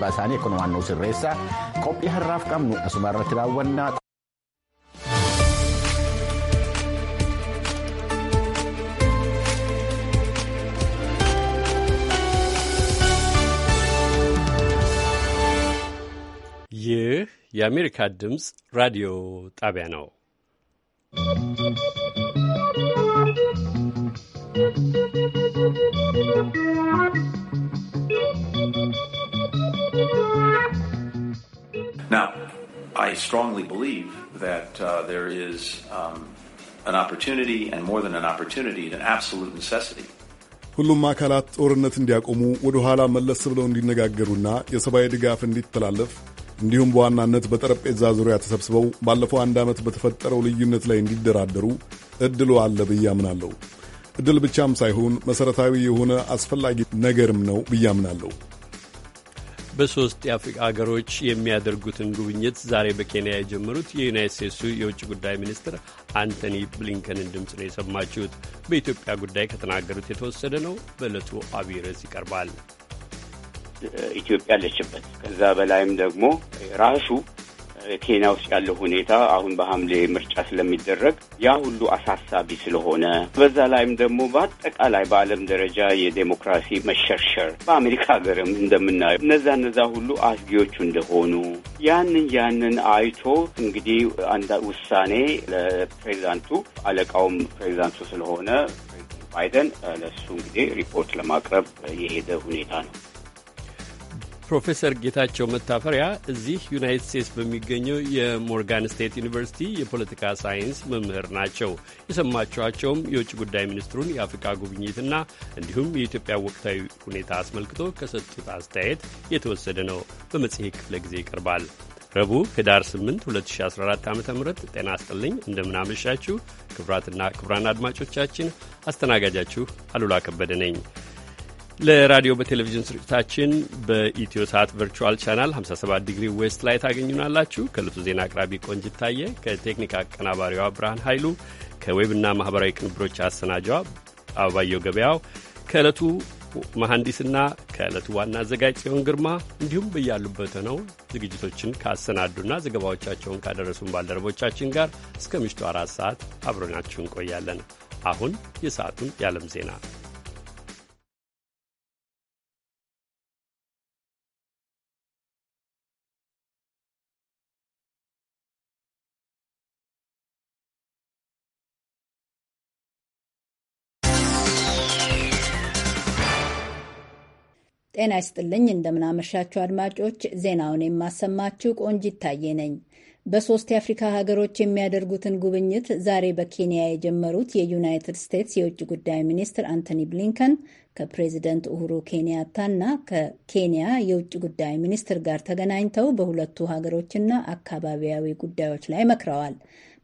gubbaa isaanii kun waan sirreessaa qophii harraaf qabnu asuma irratti raawwannaa. ይህ የአሜሪካ ድምፅ ራዲዮ ጣቢያ ነው። ¶¶ Now, I strongly believe that uh, there is um, an opportunity and more than an opportunity, an absolute necessity. ሁሉም አካላት ጦርነት እንዲያቆሙ ወደ ኋላ መለስ ብለው እንዲነጋገሩና የሰብአዊ ድጋፍ እንዲተላለፍ እንዲሁም በዋናነት በጠረጴዛ ዙሪያ ተሰብስበው ባለፈው አንድ ዓመት በተፈጠረው ልዩነት ላይ እንዲደራደሩ እድሉ አለ ብዬ አምናለሁ። እድል ብቻም ሳይሆን መሠረታዊ የሆነ አስፈላጊ ነገርም ነው ብዬ አምናለሁ። በሶስት የአፍሪቃ ሀገሮች የሚያደርጉትን ጉብኝት ዛሬ በኬንያ የጀመሩት የዩናይት ስቴትሱ የውጭ ጉዳይ ሚኒስትር አንቶኒ ብሊንከንን ድምፅ ነው የሰማችሁት። በኢትዮጵያ ጉዳይ ከተናገሩት የተወሰደ ነው። በዕለቱ አብይ ርዕስ ይቀርባል። ኢትዮጵያ አለችበት ከዛ በላይም ደግሞ ራሱ ኬንያ ውስጥ ያለው ሁኔታ አሁን በሐምሌ ምርጫ ስለሚደረግ ያ ሁሉ አሳሳቢ ስለሆነ በዛ ላይም ደግሞ በአጠቃላይ በዓለም ደረጃ የዴሞክራሲ መሸርሸር በአሜሪካ ሀገርም እንደምናየው እነዛ እነዛ ሁሉ አስጊዎቹ እንደሆኑ ያንን ያንን አይቶ እንግዲህ አንድ ውሳኔ ለፕሬዚዳንቱ አለቃውም ፕሬዚዳንቱ ስለሆነ ባይደን ለእሱ እንግዲህ ሪፖርት ለማቅረብ የሄደ ሁኔታ ነው። ፕሮፌሰር ጌታቸው መታፈሪያ እዚህ ዩናይትድ ስቴትስ በሚገኘው የሞርጋን ስቴት ዩኒቨርሲቲ የፖለቲካ ሳይንስ መምህር ናቸው። የሰማችኋቸውም የውጭ ጉዳይ ሚኒስትሩን የአፍሪካ ጉብኝትና እንዲሁም የኢትዮጵያ ወቅታዊ ሁኔታ አስመልክቶ ከሰጡት አስተያየት የተወሰደ ነው። በመጽሔት ክፍለ ጊዜ ይቀርባል። ረቡዕ ህዳር 8 2014 ዓ ም ጤና ይስጥልኝ። እንደምናመሻችሁ ክቡራትና ክቡራን አድማጮቻችን አስተናጋጃችሁ አሉላ ከበደ ነኝ። ለራዲዮ በቴሌቪዥን ስርጭታችን በኢትዮ ሰዓት ቨርቹዋል ቻናል 57 ዲግሪ ዌስት ላይ ታገኙናላችሁ። ከልቱ ዜና አቅራቢ ቆንጅት ታየ፣ ከቴክኒክ አቀናባሪዋ ብርሃን ኃይሉ፣ ከዌብና ማኅበራዊ ቅንብሮች አሰናጇ አበባየው ገበያው፣ ከዕለቱ መሐንዲስና ከዕለቱ ዋና አዘጋጅ ጽዮን ግርማ እንዲሁም በያሉበት ነው ዝግጅቶችን ካሰናዱና ዘገባዎቻቸውን ካደረሱን ባልደረቦቻችን ጋር እስከ ምሽቱ አራት ሰዓት አብረናችሁ እንቆያለን። አሁን የሰዓቱን የዓለም ዜና ጤና ይስጥልኝ እንደምናመሻችሁ አድማጮች፣ ዜናውን የማሰማችሁ ቆንጂት ታዬ ነኝ። በሶስት የአፍሪካ ሀገሮች የሚያደርጉትን ጉብኝት ዛሬ በኬንያ የጀመሩት የዩናይትድ ስቴትስ የውጭ ጉዳይ ሚኒስትር አንቶኒ ብሊንከን ከፕሬዚደንት ኡሁሩ ኬንያታና ከኬንያ የውጭ ጉዳይ ሚኒስትር ጋር ተገናኝተው በሁለቱ ሀገሮችና አካባቢያዊ ጉዳዮች ላይ መክረዋል።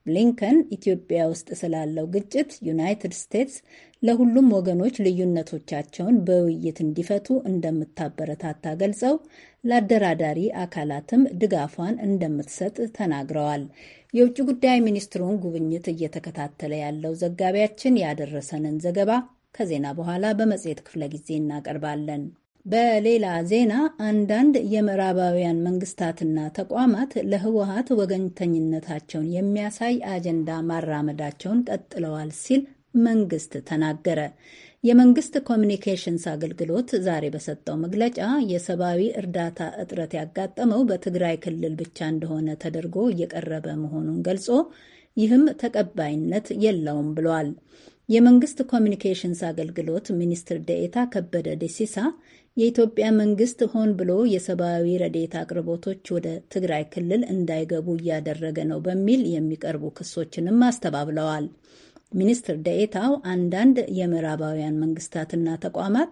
ብሊንከን ኢትዮጵያ ውስጥ ስላለው ግጭት ዩናይትድ ስቴትስ ለሁሉም ወገኖች ልዩነቶቻቸውን በውይይት እንዲፈቱ እንደምታበረታታ ገልጸው ለአደራዳሪ አካላትም ድጋፏን እንደምትሰጥ ተናግረዋል። የውጭ ጉዳይ ሚኒስትሩን ጉብኝት እየተከታተለ ያለው ዘጋቢያችን ያደረሰንን ዘገባ ከዜና በኋላ በመጽሔት ክፍለ ጊዜ እናቀርባለን። በሌላ ዜና አንዳንድ የምዕራባውያን መንግስታትና ተቋማት ለህወሀት ወገንተኝነታቸውን የሚያሳይ አጀንዳ ማራመዳቸውን ቀጥለዋል ሲል መንግስት ተናገረ። የመንግስት ኮሚኒኬሽንስ አገልግሎት ዛሬ በሰጠው መግለጫ የሰብአዊ እርዳታ እጥረት ያጋጠመው በትግራይ ክልል ብቻ እንደሆነ ተደርጎ እየቀረበ መሆኑን ገልጾ ይህም ተቀባይነት የለውም ብሏል። የመንግስት ኮሚኒኬሽንስ አገልግሎት ሚኒስትር ደኤታ ከበደ ደሲሳ የኢትዮጵያ መንግስት ሆን ብሎ የሰብአዊ ረዴት አቅርቦቶች ወደ ትግራይ ክልል እንዳይገቡ እያደረገ ነው በሚል የሚቀርቡ ክሶችንም አስተባብለዋል። ሚኒስትር ደኤታው አንዳንድ የምዕራባውያን መንግስታትና ተቋማት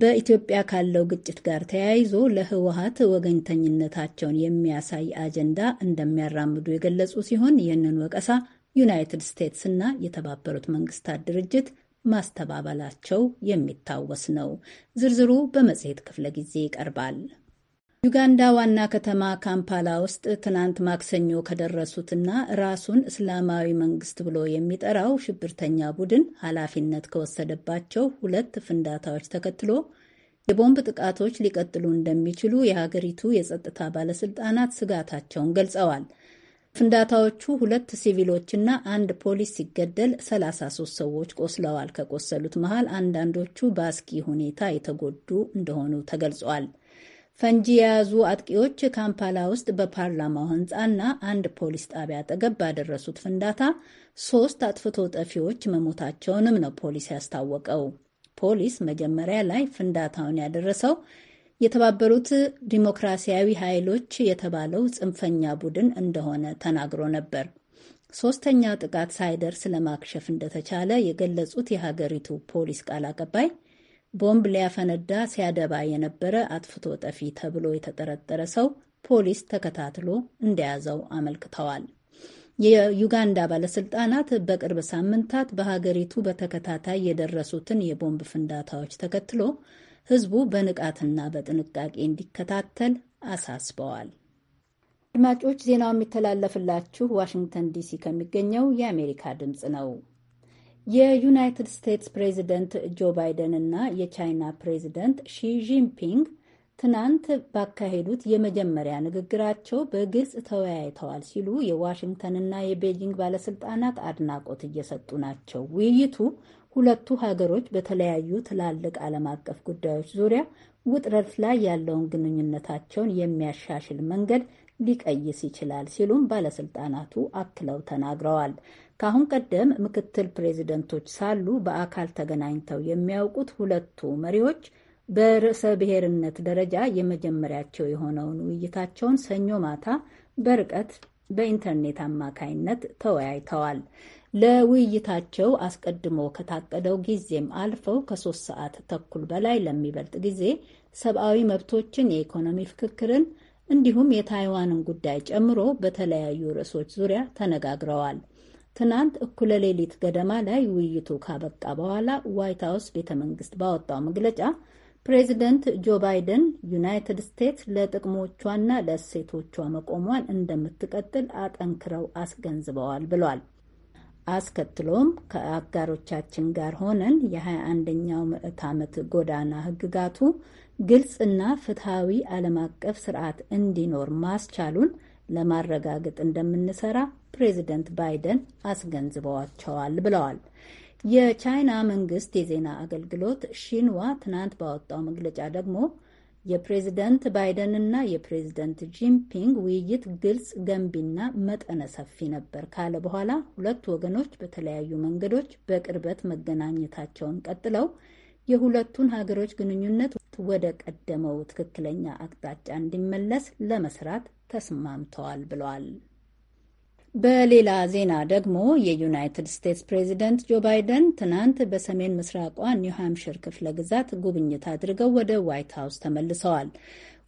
በኢትዮጵያ ካለው ግጭት ጋር ተያይዞ ለህወሀት ወገኝተኝነታቸውን የሚያሳይ አጀንዳ እንደሚያራምዱ የገለጹ ሲሆን ይህንን ወቀሳ ዩናይትድ ስቴትስ እና የተባበሩት መንግስታት ድርጅት ማስተባበላቸው የሚታወስ ነው። ዝርዝሩ በመጽሔት ክፍለ ጊዜ ይቀርባል። ዩጋንዳ ዋና ከተማ ካምፓላ ውስጥ ትናንት ማክሰኞ ከደረሱትና ራሱን እስላማዊ መንግስት ብሎ የሚጠራው ሽብርተኛ ቡድን ኃላፊነት ከወሰደባቸው ሁለት ፍንዳታዎች ተከትሎ የቦምብ ጥቃቶች ሊቀጥሉ እንደሚችሉ የሀገሪቱ የጸጥታ ባለስልጣናት ስጋታቸውን ገልጸዋል። ፍንዳታዎቹ ሁለት ሲቪሎችና አንድ ፖሊስ ሲገደል 33 ሰዎች ቆስለዋል። ከቆሰሉት መሃል አንዳንዶቹ በአስጊ ሁኔታ የተጎዱ እንደሆኑ ተገልጿል። ፈንጂ የያዙ አጥቂዎች ካምፓላ ውስጥ በፓርላማው ህንፃና አንድ ፖሊስ ጣቢያ አጠገብ ባደረሱት ፍንዳታ ሶስት አጥፍቶ ጠፊዎች መሞታቸውንም ነው ፖሊስ ያስታወቀው። ፖሊስ መጀመሪያ ላይ ፍንዳታውን ያደረሰው የተባበሩት ዲሞክራሲያዊ ኃይሎች የተባለው ጽንፈኛ ቡድን እንደሆነ ተናግሮ ነበር። ሶስተኛ ጥቃት ሳይደርስ ለማክሸፍ እንደተቻለ የገለጹት የሀገሪቱ ፖሊስ ቃል አቀባይ ቦምብ ሊያፈነዳ ሲያደባ የነበረ አጥፍቶ ጠፊ ተብሎ የተጠረጠረ ሰው ፖሊስ ተከታትሎ እንደያዘው አመልክተዋል። የዩጋንዳ ባለስልጣናት በቅርብ ሳምንታት በሀገሪቱ በተከታታይ የደረሱትን የቦምብ ፍንዳታዎች ተከትሎ ህዝቡ በንቃትና በጥንቃቄ እንዲከታተል አሳስበዋል። አድማጮች ዜናው የሚተላለፍላችሁ ዋሽንግተን ዲሲ ከሚገኘው የአሜሪካ ድምፅ ነው። የዩናይትድ ስቴትስ ፕሬዚደንት ጆ ባይደን እና የቻይና ፕሬዚደንት ሺ ጂንፒንግ ትናንት ባካሄዱት የመጀመሪያ ንግግራቸው በግልጽ ተወያይተዋል ሲሉ የዋሽንግተንና የቤጂንግ ባለስልጣናት አድናቆት እየሰጡ ናቸው። ውይይቱ ሁለቱ ሀገሮች በተለያዩ ትላልቅ ዓለም አቀፍ ጉዳዮች ዙሪያ ውጥረት ላይ ያለውን ግንኙነታቸውን የሚያሻሽል መንገድ ሊቀይስ ይችላል ሲሉም ባለስልጣናቱ አክለው ተናግረዋል። ከአሁን ቀደም ምክትል ፕሬዚደንቶች ሳሉ በአካል ተገናኝተው የሚያውቁት ሁለቱ መሪዎች በርዕሰ ብሔርነት ደረጃ የመጀመሪያቸው የሆነውን ውይይታቸውን ሰኞ ማታ በርቀት በኢንተርኔት አማካይነት ተወያይተዋል። ለውይይታቸው አስቀድሞ ከታቀደው ጊዜም አልፈው ከሶስት ሰዓት ተኩል በላይ ለሚበልጥ ጊዜ ሰብአዊ መብቶችን፣ የኢኮኖሚ ፍክክርን እንዲሁም የታይዋንን ጉዳይ ጨምሮ በተለያዩ ርዕሶች ዙሪያ ተነጋግረዋል። ትናንት እኩለ ሌሊት ገደማ ላይ ውይይቱ ካበቃ በኋላ ዋይት ሀውስ ቤተ መንግስት ባወጣው መግለጫ ፕሬዚደንት ጆ ባይደን ዩናይትድ ስቴትስ ለጥቅሞቿና ለእሴቶቿ መቆሟን እንደምትቀጥል አጠንክረው አስገንዝበዋል ብሏል። አስከትሎም ከአጋሮቻችን ጋር ሆነን የ21ኛው ምዕት ዓመት ጎዳና ህግጋቱ ግልጽና ፍትሐዊ ዓለም አቀፍ ስርዓት እንዲኖር ማስቻሉን ለማረጋገጥ እንደምንሰራ ፕሬዚደንት ባይደን አስገንዝበዋቸዋል ብለዋል። የቻይና መንግስት የዜና አገልግሎት ሺንዋ ትናንት ባወጣው መግለጫ ደግሞ የፕሬዝደንት ባይደንና የፕሬዝደንት ጂንፒንግ ውይይት ግልጽ፣ ገንቢና መጠነ ሰፊ ነበር ካለ በኋላ ሁለቱ ወገኖች በተለያዩ መንገዶች በቅርበት መገናኘታቸውን ቀጥለው የሁለቱን ሀገሮች ግንኙነት ወደ ቀደመው ትክክለኛ አቅጣጫ እንዲመለስ ለመስራት ተስማምተዋል ብለዋል። በሌላ ዜና ደግሞ የዩናይትድ ስቴትስ ፕሬዚደንት ጆ ባይደን ትናንት በሰሜን ምስራቋ ኒውሃምሽር ክፍለ ግዛት ጉብኝት አድርገው ወደ ዋይት ሀውስ ተመልሰዋል።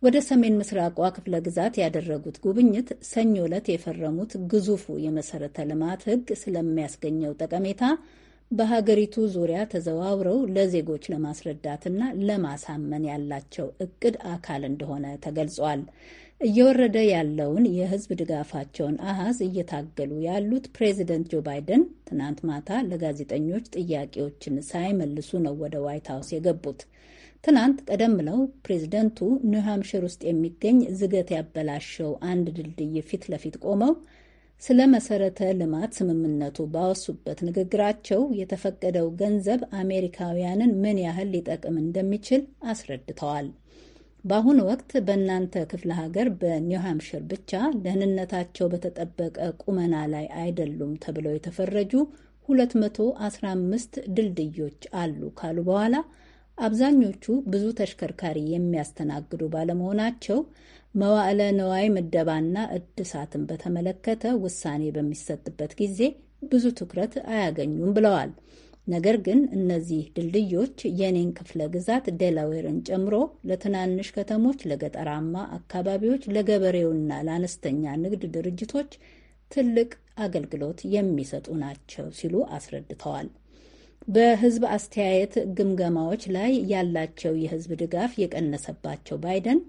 ወደ ሰሜን ምስራቋ ክፍለ ግዛት ያደረጉት ጉብኝት ሰኞ ዕለት የፈረሙት ግዙፉ የመሰረተ ልማት ሕግ ስለሚያስገኘው ጠቀሜታ በሀገሪቱ ዙሪያ ተዘዋውረው ለዜጎች ለማስረዳትና ለማሳመን ያላቸው እቅድ አካል እንደሆነ ተገልጿል። እየወረደ ያለውን የሕዝብ ድጋፋቸውን አሃዝ እየታገሉ ያሉት ፕሬዚደንት ጆ ባይደን ትናንት ማታ ለጋዜጠኞች ጥያቄዎችን ሳይመልሱ ነው ወደ ዋይት ሀውስ የገቡት። ትናንት ቀደም ብለው ፕሬዚደንቱ ኒውሃምሽር ውስጥ የሚገኝ ዝገት ያበላሸው አንድ ድልድይ ፊት ለፊት ቆመው ስለ መሰረተ ልማት ስምምነቱ ባወሱበት ንግግራቸው የተፈቀደው ገንዘብ አሜሪካውያንን ምን ያህል ሊጠቅም እንደሚችል አስረድተዋል። በአሁኑ ወቅት በእናንተ ክፍለ ሀገር በኒው ብቻ ደህንነታቸው በተጠበቀ ቁመና ላይ አይደሉም ተብለው የተፈረጁ 215 ድልድዮች አሉ ካሉ በኋላ አብዛኞቹ ብዙ ተሽከርካሪ የሚያስተናግዱ ባለመሆናቸው መዋዕለ ነዋይ ምደባና እድሳትን በተመለከተ ውሳኔ በሚሰጥበት ጊዜ ብዙ ትኩረት አያገኙም ብለዋል። ነገር ግን እነዚህ ድልድዮች የኔን ክፍለ ግዛት ዴላዌርን ጨምሮ ለትናንሽ ከተሞች፣ ለገጠራማ አካባቢዎች፣ ለገበሬውና ለአነስተኛ ንግድ ድርጅቶች ትልቅ አገልግሎት የሚሰጡ ናቸው ሲሉ አስረድተዋል። በህዝብ አስተያየት ግምገማዎች ላይ ያላቸው የህዝብ ድጋፍ የቀነሰባቸው ባይደን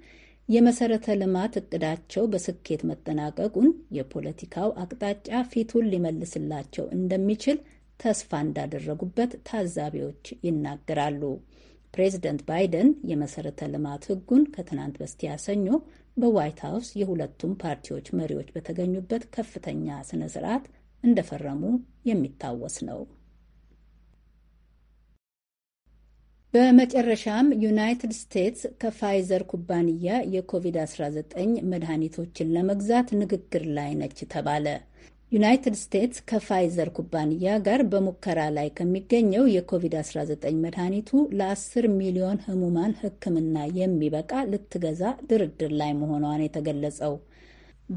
የመሰረተ ልማት እቅዳቸው በስኬት መጠናቀቁን የፖለቲካው አቅጣጫ ፊቱን ሊመልስላቸው እንደሚችል ተስፋ እንዳደረጉበት ታዛቢዎች ይናገራሉ። ፕሬዚደንት ባይደን የመሰረተ ልማት ህጉን ከትናንት በስቲያ ሰኞ በዋይት ሀውስ የሁለቱም ፓርቲዎች መሪዎች በተገኙበት ከፍተኛ ስነ ስርዓት እንደፈረሙ የሚታወስ ነው። በመጨረሻም ዩናይትድ ስቴትስ ከፋይዘር ኩባንያ የኮቪድ-19 መድኃኒቶችን ለመግዛት ንግግር ላይ ነች ተባለ። ዩናይትድ ስቴትስ ከፋይዘር ኩባንያ ጋር በሙከራ ላይ ከሚገኘው የኮቪድ-19 መድኃኒቱ ለ10 ሚሊዮን ህሙማን ሕክምና የሚበቃ ልትገዛ ድርድር ላይ መሆኗን የተገለጸው።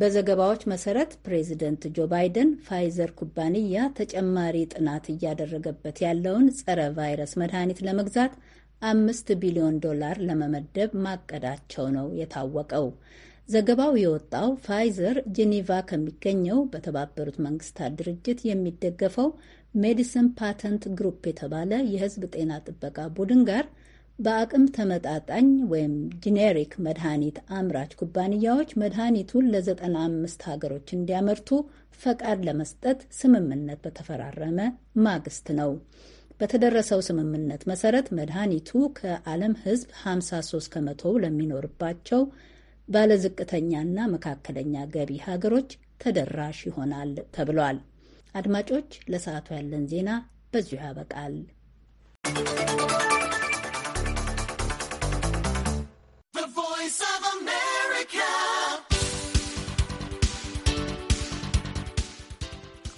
በዘገባዎች መሰረት ፕሬዚደንት ጆ ባይደን ፋይዘር ኩባንያ ተጨማሪ ጥናት እያደረገበት ያለውን ጸረ ቫይረስ መድኃኒት ለመግዛት አምስት ቢሊዮን ዶላር ለመመደብ ማቀዳቸው ነው የታወቀው። ዘገባው የወጣው ፋይዘር ጄኔቫ ከሚገኘው በተባበሩት መንግስታት ድርጅት የሚደገፈው ሜዲሲን ፓተንት ግሩፕ የተባለ የህዝብ ጤና ጥበቃ ቡድን ጋር በአቅም ተመጣጣኝ ወይም ጂኔሪክ መድኃኒት አምራች ኩባንያዎች መድኃኒቱን ለ95 ሀገሮች እንዲያመርቱ ፈቃድ ለመስጠት ስምምነት በተፈራረመ ማግስት ነው። በተደረሰው ስምምነት መሰረት መድኃኒቱ ከዓለም ህዝብ 53 ከመቶ ለሚኖርባቸው ባለዝቅተኛና መካከለኛ ገቢ ሀገሮች ተደራሽ ይሆናል ተብሏል። አድማጮች፣ ለሰዓቱ ያለን ዜና በዚሁ ያበቃል።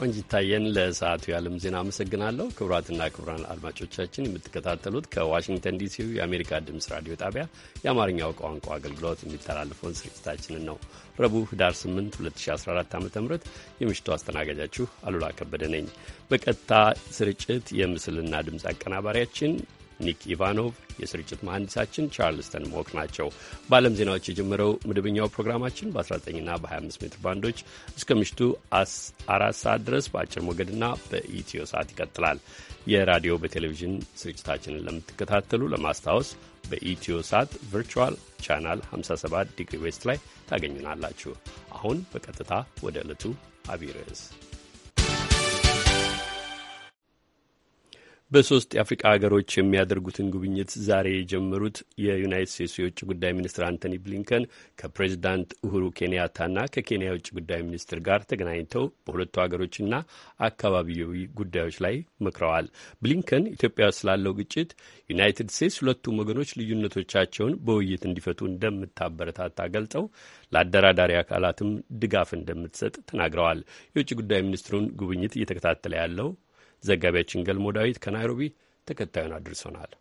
ቆንጅታየን ለሰዓቱ የዓለም ዜና አመሰግናለሁ። ክቡራትና ክቡራን አድማጮቻችን የምትከታተሉት ከዋሽንግተን ዲሲው የአሜሪካ ድምፅ ራዲዮ ጣቢያ የአማርኛው ቋንቋ አገልግሎት የሚተላለፈውን ስርጭታችንን ነው። ረቡዕ ህዳር 8 2014 ዓ ም የምሽቱ አስተናጋጃችሁ አሉላ ከበደ ነኝ። በቀጥታ ስርጭት የምስልና ድምፅ አቀናባሪያችን ኒክ ኢቫኖቭ፣ የስርጭት መሐንዲሳችን ቻርልስተን ሞክ ናቸው። በዓለም ዜናዎች የጀመረው መደበኛው ፕሮግራማችን በ19ና በ25 ሜትር ባንዶች እስከ ምሽቱ አራት ሰዓት ድረስ በአጭር ሞገድና በኢትዮ ሰዓት ይቀጥላል። የራዲዮ በቴሌቪዥን ስርጭታችንን ለምትከታተሉ ለማስታወስ በኢትዮ ሳት ቨርቹዋል ቻናል 57 ዲግሪ ዌስት ላይ ታገኙናላችሁ። አሁን በቀጥታ ወደ ዕለቱ አብይ ርዕስ በሶስት የአፍሪቃ ሀገሮች የሚያደርጉትን ጉብኝት ዛሬ የጀመሩት የዩናይት ስቴትስ የውጭ ጉዳይ ሚኒስትር አንቶኒ ብሊንከን ከፕሬዚዳንት ኡሁሩ ኬንያታና ከኬንያ የውጭ ጉዳይ ሚኒስትር ጋር ተገናኝተው በሁለቱ ሀገሮችና አካባቢያዊ ጉዳዮች ላይ መክረዋል። ብሊንከን ኢትዮጵያ ውስጥ ስላለው ግጭት ዩናይትድ ስቴትስ ሁለቱም ወገኖች ልዩነቶቻቸውን በውይይት እንዲፈቱ እንደምታበረታታ ገልጸው ለአደራዳሪ አካላትም ድጋፍ እንደምትሰጥ ተናግረዋል። የውጭ ጉዳይ ሚኒስትሩን ጉብኝት እየተከታተለ ያለው ዘጋቢያችን ገልሞ ዳዊት ከናይሮቢ ተከታዩን አድርሶናል።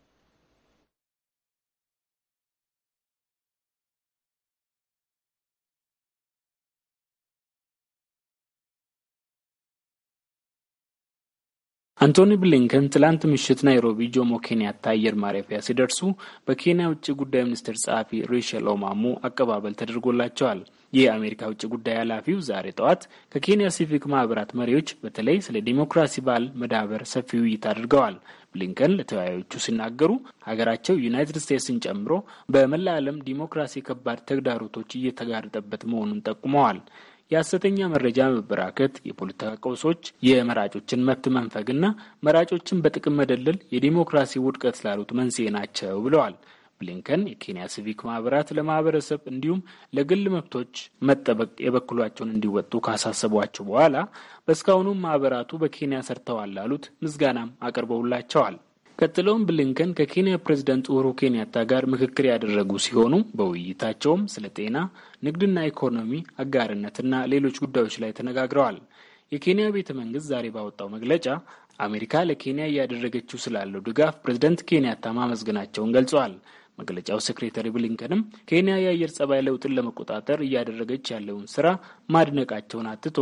አንቶኒ ብሊንከን ትላንት ምሽት ናይሮቢ ጆሞ ኬንያታ አየር ማረፊያ ሲደርሱ በኬንያ ውጭ ጉዳይ ሚኒስትር ጸሐፊ ሪቸል ኦማሙ አቀባበል ተደርጎላቸዋል። የአሜሪካ ውጭ ጉዳይ ኃላፊው ዛሬ ጠዋት ከኬንያ ሲቪክ ማህበራት መሪዎች በተለይ ስለ ዲሞክራሲ በዓል መዳበር ሰፊ ውይይት አድርገዋል። ብሊንከን ለተወያዮቹ ሲናገሩ ሀገራቸው ዩናይትድ ስቴትስን ጨምሮ በመላ ዓለም ዲሞክራሲ ከባድ ተግዳሮቶች እየተጋረጠበት መሆኑን ጠቁመዋል። የሐሰተኛ መረጃ መበራከት፣ የፖለቲካ ቀውሶች፣ የመራጮችን መብት መንፈግና መራጮችን በጥቅም መደለል የዲሞክራሲ ውድቀት ላሉት መንስኤ ናቸው ብለዋል። ብሊንከን የኬንያ ሲቪክ ማህበራት ለማህበረሰብ እንዲሁም ለግል መብቶች መጠበቅ የበኩሏቸውን እንዲወጡ ካሳሰቧቸው በኋላ በእስካሁኑም ማህበራቱ በኬንያ ሰርተዋል ላሉት ምስጋናም አቅርበውላቸዋል። ቀጥለውም ብሊንከን ከኬንያ ፕሬዝደንት ኡሁሩ ኬንያታ ጋር ምክክር ያደረጉ ሲሆኑ በውይይታቸውም ስለ ጤና፣ ንግድና ኢኮኖሚ አጋርነትና ሌሎች ጉዳዮች ላይ ተነጋግረዋል። የኬንያ ቤተ መንግስት ዛሬ ባወጣው መግለጫ አሜሪካ ለኬንያ እያደረገችው ስላለው ድጋፍ ፕሬዝደንት ኬንያታ ማመስገናቸውን ገልጸዋል። መግለጫው ሴክሬታሪ ብሊንከንም ኬንያ የአየር ጸባይ ለውጥን ለመቆጣጠር እያደረገች ያለውን ስራ ማድነቃቸውን አትቶ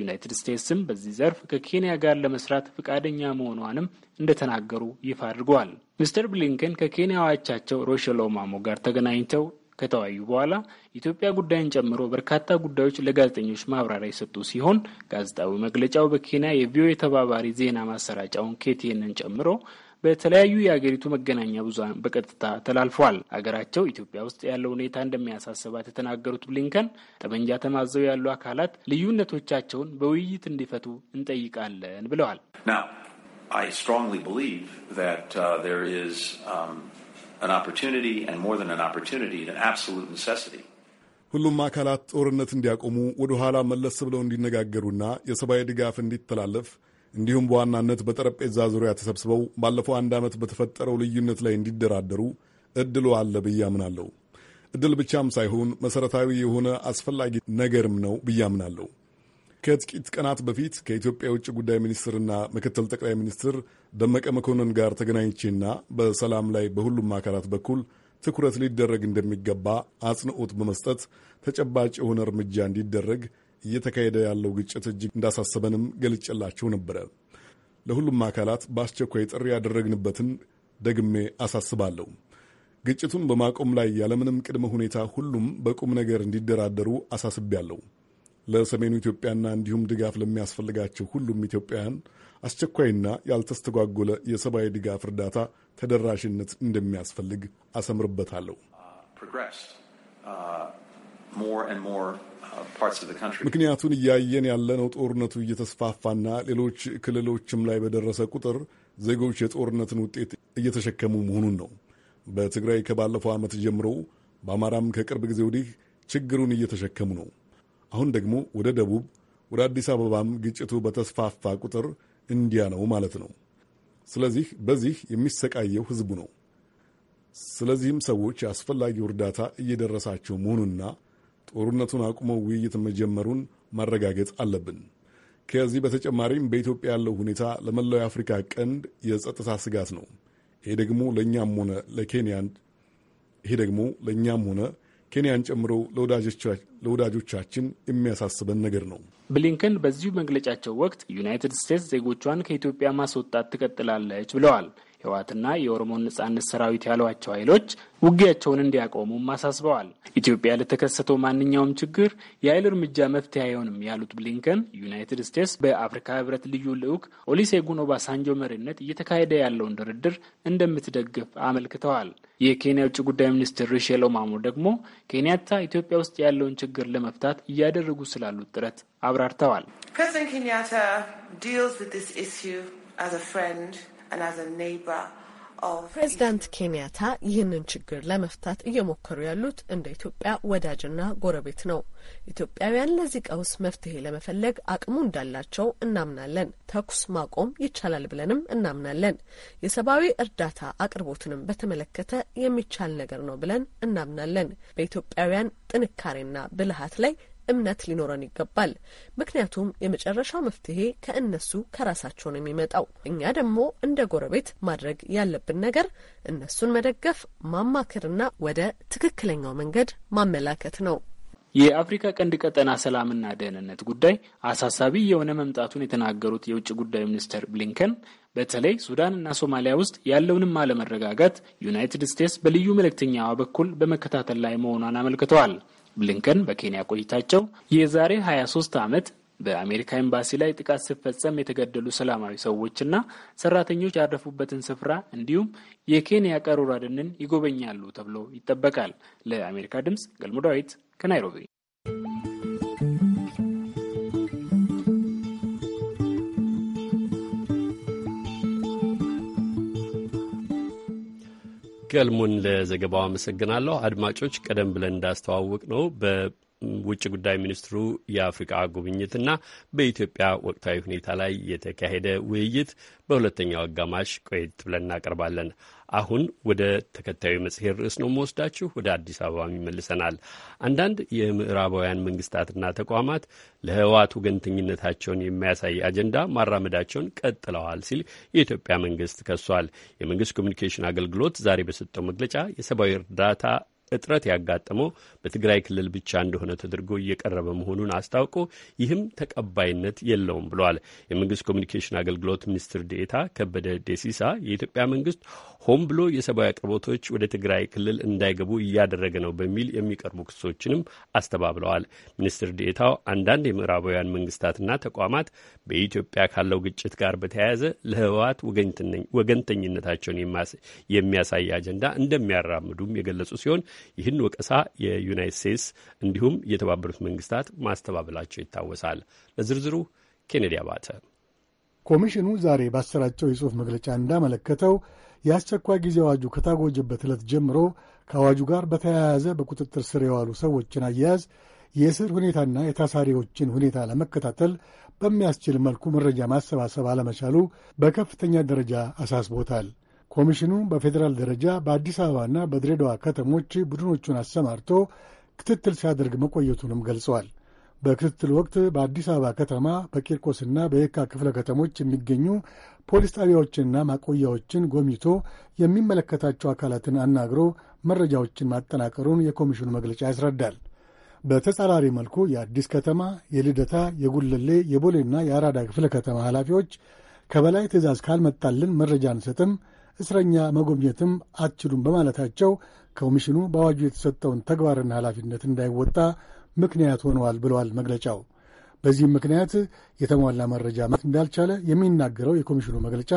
ዩናይትድ ስቴትስም በዚህ ዘርፍ ከኬንያ ጋር ለመስራት ፈቃደኛ መሆኗንም እንደተናገሩ ይፋ አድርገዋል። ሚስተር ብሊንከን ከኬንያ አቻቸው ሮሼል ኦማሞ ጋር ተገናኝተው ከተወያዩ በኋላ ኢትዮጵያ ጉዳይን ጨምሮ በርካታ ጉዳዮች ለጋዜጠኞች ማብራሪያ የሰጡ ሲሆን ጋዜጣዊ መግለጫው በኬንያ የቪኦኤ ተባባሪ ዜና ማሰራጫውን ኬቲኤንን ጨምሮ በተለያዩ የአገሪቱ መገናኛ ብዙሀን በቀጥታ ተላልፏል። አገራቸው ኢትዮጵያ ውስጥ ያለው ሁኔታ እንደሚያሳስባት የተናገሩት ብሊንከን ጠመንጃ ተማዘው ያሉ አካላት ልዩነቶቻቸውን በውይይት እንዲፈቱ እንጠይቃለን ብለዋል። ሁሉም አካላት ጦርነት እንዲያቆሙ ወደ ኋላ መለስ ብለው እንዲነጋገሩና የሰብአዊ ድጋፍ እንዲተላለፍ እንዲሁም በዋናነት በጠረጴዛ ዙሪያ ተሰብስበው ባለፈው አንድ ዓመት በተፈጠረው ልዩነት ላይ እንዲደራደሩ እድሉ አለ ብዬ አምናለሁ። እድል ብቻም ሳይሆን መሠረታዊ የሆነ አስፈላጊ ነገርም ነው ብዬ አምናለሁ። ከጥቂት ቀናት በፊት ከኢትዮጵያ የውጭ ጉዳይ ሚኒስትርና ምክትል ጠቅላይ ሚኒስትር ደመቀ መኮንን ጋር ተገናኝቼና በሰላም ላይ በሁሉም አካላት በኩል ትኩረት ሊደረግ እንደሚገባ አጽንኦት በመስጠት ተጨባጭ የሆነ እርምጃ እንዲደረግ እየተካሄደ ያለው ግጭት እጅግ እንዳሳሰበንም ገልጭላቸው ነበረ። ለሁሉም አካላት በአስቸኳይ ጥሪ ያደረግንበትን ደግሜ አሳስባለሁ። ግጭቱን በማቆም ላይ ያለምንም ቅድመ ሁኔታ ሁሉም በቁም ነገር እንዲደራደሩ አሳስቤያለሁ። ለሰሜኑ ኢትዮጵያና እንዲሁም ድጋፍ ለሚያስፈልጋቸው ሁሉም ኢትዮጵያውያን አስቸኳይና ያልተስተጓጎለ የሰብአዊ ድጋፍ እርዳታ ተደራሽነት እንደሚያስፈልግ አሰምርበታለሁ። uh, Uh, ምክንያቱን እያየን ያለነው ጦርነቱ እየተስፋፋና ሌሎች ክልሎችም ላይ በደረሰ ቁጥር ዜጎች የጦርነትን ውጤት እየተሸከሙ መሆኑን ነው። በትግራይ ከባለፈው ዓመት ጀምሮ፣ በአማራም ከቅርብ ጊዜ ወዲህ ችግሩን እየተሸከሙ ነው። አሁን ደግሞ ወደ ደቡብ ወደ አዲስ አበባም ግጭቱ በተስፋፋ ቁጥር እንዲያ ነው ማለት ነው። ስለዚህ በዚህ የሚሰቃየው ህዝቡ ነው። ስለዚህም ሰዎች አስፈላጊው እርዳታ እየደረሳቸው መሆኑና ጦርነቱን አቁመው ውይይት መጀመሩን ማረጋገጥ አለብን። ከዚህ በተጨማሪም በኢትዮጵያ ያለው ሁኔታ ለመላው የአፍሪካ ቀንድ የጸጥታ ስጋት ነው። ይሄ ደግሞ ለእኛም ሆነ ለኬንያን ይሄ ደግሞ ለእኛም ሆነ ኬንያን ጨምሮ ለወዳጆቻችን የሚያሳስበን ነገር ነው። ብሊንከን በዚሁ መግለጫቸው ወቅት ዩናይትድ ስቴትስ ዜጎቿን ከኢትዮጵያ ማስወጣት ትቀጥላለች ብለዋል። ህወሓትና የኦሮሞን ነጻነት ሰራዊት ያሏቸው ኃይሎች ውጊያቸውን እንዲያቆሙም አሳስበዋል። ኢትዮጵያ ለተከሰተው ማንኛውም ችግር የኃይል እርምጃ መፍትሄ አይሆንም ያሉት ብሊንከን ዩናይትድ ስቴትስ በአፍሪካ ህብረት ልዩ ልዑክ ኦሊሴጉን ኦባሳንጆ መሪነት እየተካሄደ ያለውን ድርድር እንደምትደግፍ አመልክተዋል። የኬንያ ውጭ ጉዳይ ሚኒስትር ሪሼል ኦማሞ ደግሞ ኬንያታ ኢትዮጵያ ውስጥ ያለውን ችግር ለመፍታት እያደረጉ ስላሉት ጥረት አብራርተዋል። ፕሬዚደንት ኬንያታ ፕሬዚዳንት ኬንያታ ይህንን ችግር ለመፍታት እየሞከሩ ያሉት እንደ ኢትዮጵያ ወዳጅና ጎረቤት ነው። ኢትዮጵያውያን ለዚህ ቀውስ መፍትሄ ለመፈለግ አቅሙ እንዳላቸው እናምናለን። ተኩስ ማቆም ይቻላል ብለንም እናምናለን። የሰብአዊ እርዳታ አቅርቦትንም በተመለከተ የሚቻል ነገር ነው ብለን እናምናለን። በኢትዮጵያውያን ጥንካሬና ብልሃት ላይ እምነት ሊኖረን ይገባል። ምክንያቱም የመጨረሻው መፍትሄ ከእነሱ ከራሳቸው ነው የሚመጣው። እኛ ደግሞ እንደ ጎረቤት ማድረግ ያለብን ነገር እነሱን መደገፍ፣ ማማከርና ወደ ትክክለኛው መንገድ ማመላከት ነው። የአፍሪካ ቀንድ ቀጠና ሰላምና ደህንነት ጉዳይ አሳሳቢ የሆነ መምጣቱን የተናገሩት የውጭ ጉዳይ ሚኒስትር ብሊንከን በተለይ ሱዳንና ሶማሊያ ውስጥ ያለውንም አለመረጋጋት ዩናይትድ ስቴትስ በልዩ መልእክተኛዋ በኩል በመከታተል ላይ መሆኗን አመልክተዋል። ብሊንከን በኬንያ ቆይታቸው የዛሬ 23 ዓመት በአሜሪካ ኤምባሲ ላይ ጥቃት ሲፈጸም የተገደሉ ሰላማዊ ሰዎችና ሰራተኞች ያረፉበትን ስፍራ እንዲሁም የኬንያ ቀሩር አደንን ይጎበኛሉ ተብሎ ይጠበቃል። ለአሜሪካ ድምፅ ገልሞ ዳዊት ከናይሮቢ ገልሙን ለዘገባው አመሰግናለሁ። አድማጮች፣ ቀደም ብለን እንዳስተዋወቅ ነው ውጭ ጉዳይ ሚኒስትሩ የአፍሪቃ ጉብኝትና በኢትዮጵያ ወቅታዊ ሁኔታ ላይ የተካሄደ ውይይት በሁለተኛው አጋማሽ ቆየት ብለን እናቀርባለን። አሁን ወደ ተከታዩ መጽሔር ርዕስ ነው መወስዳችሁ። ወደ አዲስ አበባም ይመልሰናል። አንዳንድ የምዕራባውያን መንግስታትና ተቋማት ለህወሓት ወገንተኝነታቸውን የሚያሳይ አጀንዳ ማራመዳቸውን ቀጥለዋል ሲል የኢትዮጵያ መንግስት ከሷል። የመንግስት ኮሚኒኬሽን አገልግሎት ዛሬ በሰጠው መግለጫ የሰብአዊ እርዳታ እጥረት ያጋጠመው በትግራይ ክልል ብቻ እንደሆነ ተደርጎ እየቀረበ መሆኑን አስታውቆ ይህም ተቀባይነት የለውም ብሏል። የመንግስት ኮሚኒኬሽን አገልግሎት ሚኒስትር ዴኤታ ከበደ ደሲሳ የኢትዮጵያ መንግስት ሆን ብሎ የሰብአዊ አቅርቦቶች ወደ ትግራይ ክልል እንዳይገቡ እያደረገ ነው በሚል የሚቀርቡ ክሶችንም አስተባብለዋል። ሚኒስትር ዴታው አንዳንድ የምዕራባውያን መንግስታትና ተቋማት በኢትዮጵያ ካለው ግጭት ጋር በተያያዘ ለህወሓት ወገንተኝነታቸውን የሚያሳይ አጀንዳ እንደሚያራምዱም የገለጹ ሲሆን ይህን ወቀሳ የዩናይት ስቴትስ እንዲሁም የተባበሩት መንግስታት ማስተባበላቸው ይታወሳል። ለዝርዝሩ ኬኔዲ አባተ። ኮሚሽኑ ዛሬ ባሰራጨው የጽሑፍ መግለጫ እንዳመለከተው የአስቸኳይ ጊዜ አዋጁ ከታወጀበት ዕለት ጀምሮ ከአዋጁ ጋር በተያያዘ በቁጥጥር ስር የዋሉ ሰዎችን አያያዝ፣ የእስር ሁኔታና የታሳሪዎችን ሁኔታ ለመከታተል በሚያስችል መልኩ መረጃ ማሰባሰብ አለመቻሉ በከፍተኛ ደረጃ አሳስቦታል። ኮሚሽኑ በፌዴራል ደረጃ በአዲስ አበባና በድሬዳዋ ከተሞች ቡድኖቹን አሰማርቶ ክትትል ሲያደርግ መቆየቱንም ገልጸዋል። በክትትል ወቅት በአዲስ አበባ ከተማ በቂርቆስና በየካ ክፍለ ከተሞች የሚገኙ ፖሊስ ጣቢያዎችንና ማቆያዎችን ጎብኝቶ የሚመለከታቸው አካላትን አናግሮ መረጃዎችን ማጠናቀሩን የኮሚሽኑ መግለጫ ያስረዳል። በተጻራሪ መልኩ የአዲስ ከተማ፣ የልደታ፣ የጉልሌ፣ የቦሌና የአራዳ ክፍለ ከተማ ኃላፊዎች ከበላይ ትእዛዝ ካልመጣልን መረጃ አንሰጥም፣ እስረኛ መጎብኘትም አትችሉም በማለታቸው ኮሚሽኑ በአዋጁ የተሰጠውን ተግባርና ኃላፊነት እንዳይወጣ ምክንያት ሆነዋል ብለዋል መግለጫው። በዚህም ምክንያት የተሟላ መረጃ ማት እንዳልቻለ የሚናገረው የኮሚሽኑ መግለጫ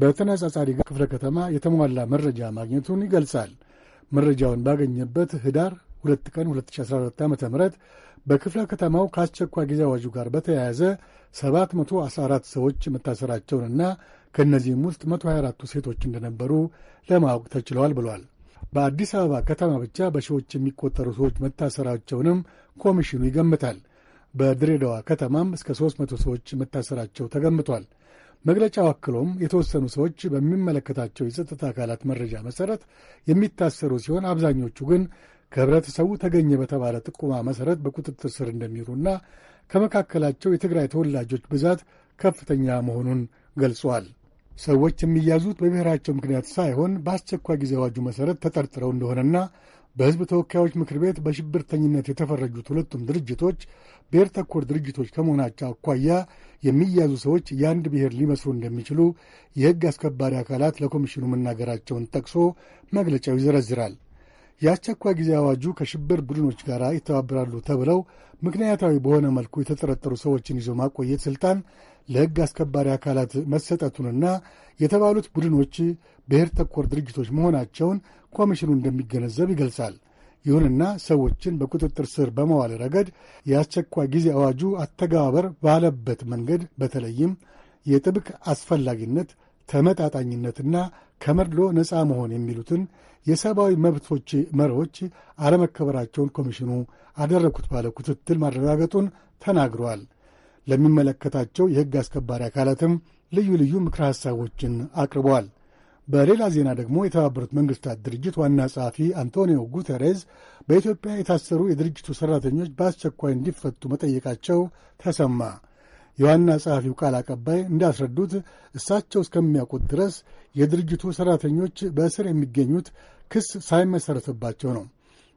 በተነጻጻሪ ክፍለ ከተማ የተሟላ መረጃ ማግኘቱን ይገልጻል። መረጃውን ባገኘበት ህዳር 2 ቀን 2014 ዓ ም በክፍለ ከተማው ከአስቸኳይ ጊዜ አዋጁ ጋር በተያያዘ 714 ሰዎች መታሰራቸውንና ከእነዚህም ውስጥ 124ቱ ሴቶች እንደነበሩ ለማወቅ ተችለዋል ብሏል። በአዲስ አበባ ከተማ ብቻ በሺዎች የሚቆጠሩ ሰዎች መታሰራቸውንም ኮሚሽኑ ይገምታል። በድሬዳዋ ከተማም እስከ 300 ሰዎች መታሰራቸው ተገምቷል። መግለጫው አክሎም የተወሰኑ ሰዎች በሚመለከታቸው የጸጥታ አካላት መረጃ መሠረት የሚታሰሩ ሲሆን አብዛኞቹ ግን ከህብረተሰቡ ተገኘ በተባለ ጥቁማ መሠረት በቁጥጥር ስር እንደሚውሉና ከመካከላቸው የትግራይ ተወላጆች ብዛት ከፍተኛ መሆኑን ገልጿል። ሰዎች የሚያዙት በብሔራቸው ምክንያት ሳይሆን በአስቸኳይ ጊዜ አዋጁ መሠረት ተጠርጥረው እንደሆነና በሕዝብ ተወካዮች ምክር ቤት በሽብርተኝነት የተፈረጁት ሁለቱም ድርጅቶች ብሔር ተኮር ድርጅቶች ከመሆናቸው አኳያ የሚያዙ ሰዎች የአንድ ብሔር ሊመስሉ እንደሚችሉ የሕግ አስከባሪ አካላት ለኮሚሽኑ መናገራቸውን ጠቅሶ መግለጫው ይዘረዝራል። የአስቸኳይ ጊዜ አዋጁ ከሽብር ቡድኖች ጋር ይተባበራሉ ተብለው ምክንያታዊ በሆነ መልኩ የተጠረጠሩ ሰዎችን ይዞ ማቆየት ስልጣን ለሕግ አስከባሪ አካላት መሰጠቱንና የተባሉት ቡድኖች ብሔር ተኮር ድርጅቶች መሆናቸውን ኮሚሽኑ እንደሚገነዘብ ይገልጻል። ይሁንና ሰዎችን በቁጥጥር ስር በመዋል ረገድ የአስቸኳይ ጊዜ አዋጁ አተገባበር ባለበት መንገድ በተለይም የጥብቅ አስፈላጊነት ተመጣጣኝነትና ከመድሎ ነፃ መሆን የሚሉትን የሰብአዊ መብቶች መርሆች አለመከበራቸውን ኮሚሽኑ አደረግኩት ባለ ክትትል ማረጋገጡን ተናግረዋል። ለሚመለከታቸው የሕግ አስከባሪ አካላትም ልዩ ልዩ ምክረ ሐሳቦችን አቅርበዋል። በሌላ ዜና ደግሞ የተባበሩት መንግሥታት ድርጅት ዋና ጸሐፊ አንቶኒዮ ጉተሬዝ በኢትዮጵያ የታሰሩ የድርጅቱ ሠራተኞች በአስቸኳይ እንዲፈቱ መጠየቃቸው ተሰማ። የዋና ጸሐፊው ቃል አቀባይ እንዳስረዱት እሳቸው እስከሚያውቁት ድረስ የድርጅቱ ሠራተኞች በእስር የሚገኙት ክስ ሳይመሠረትባቸው ነው።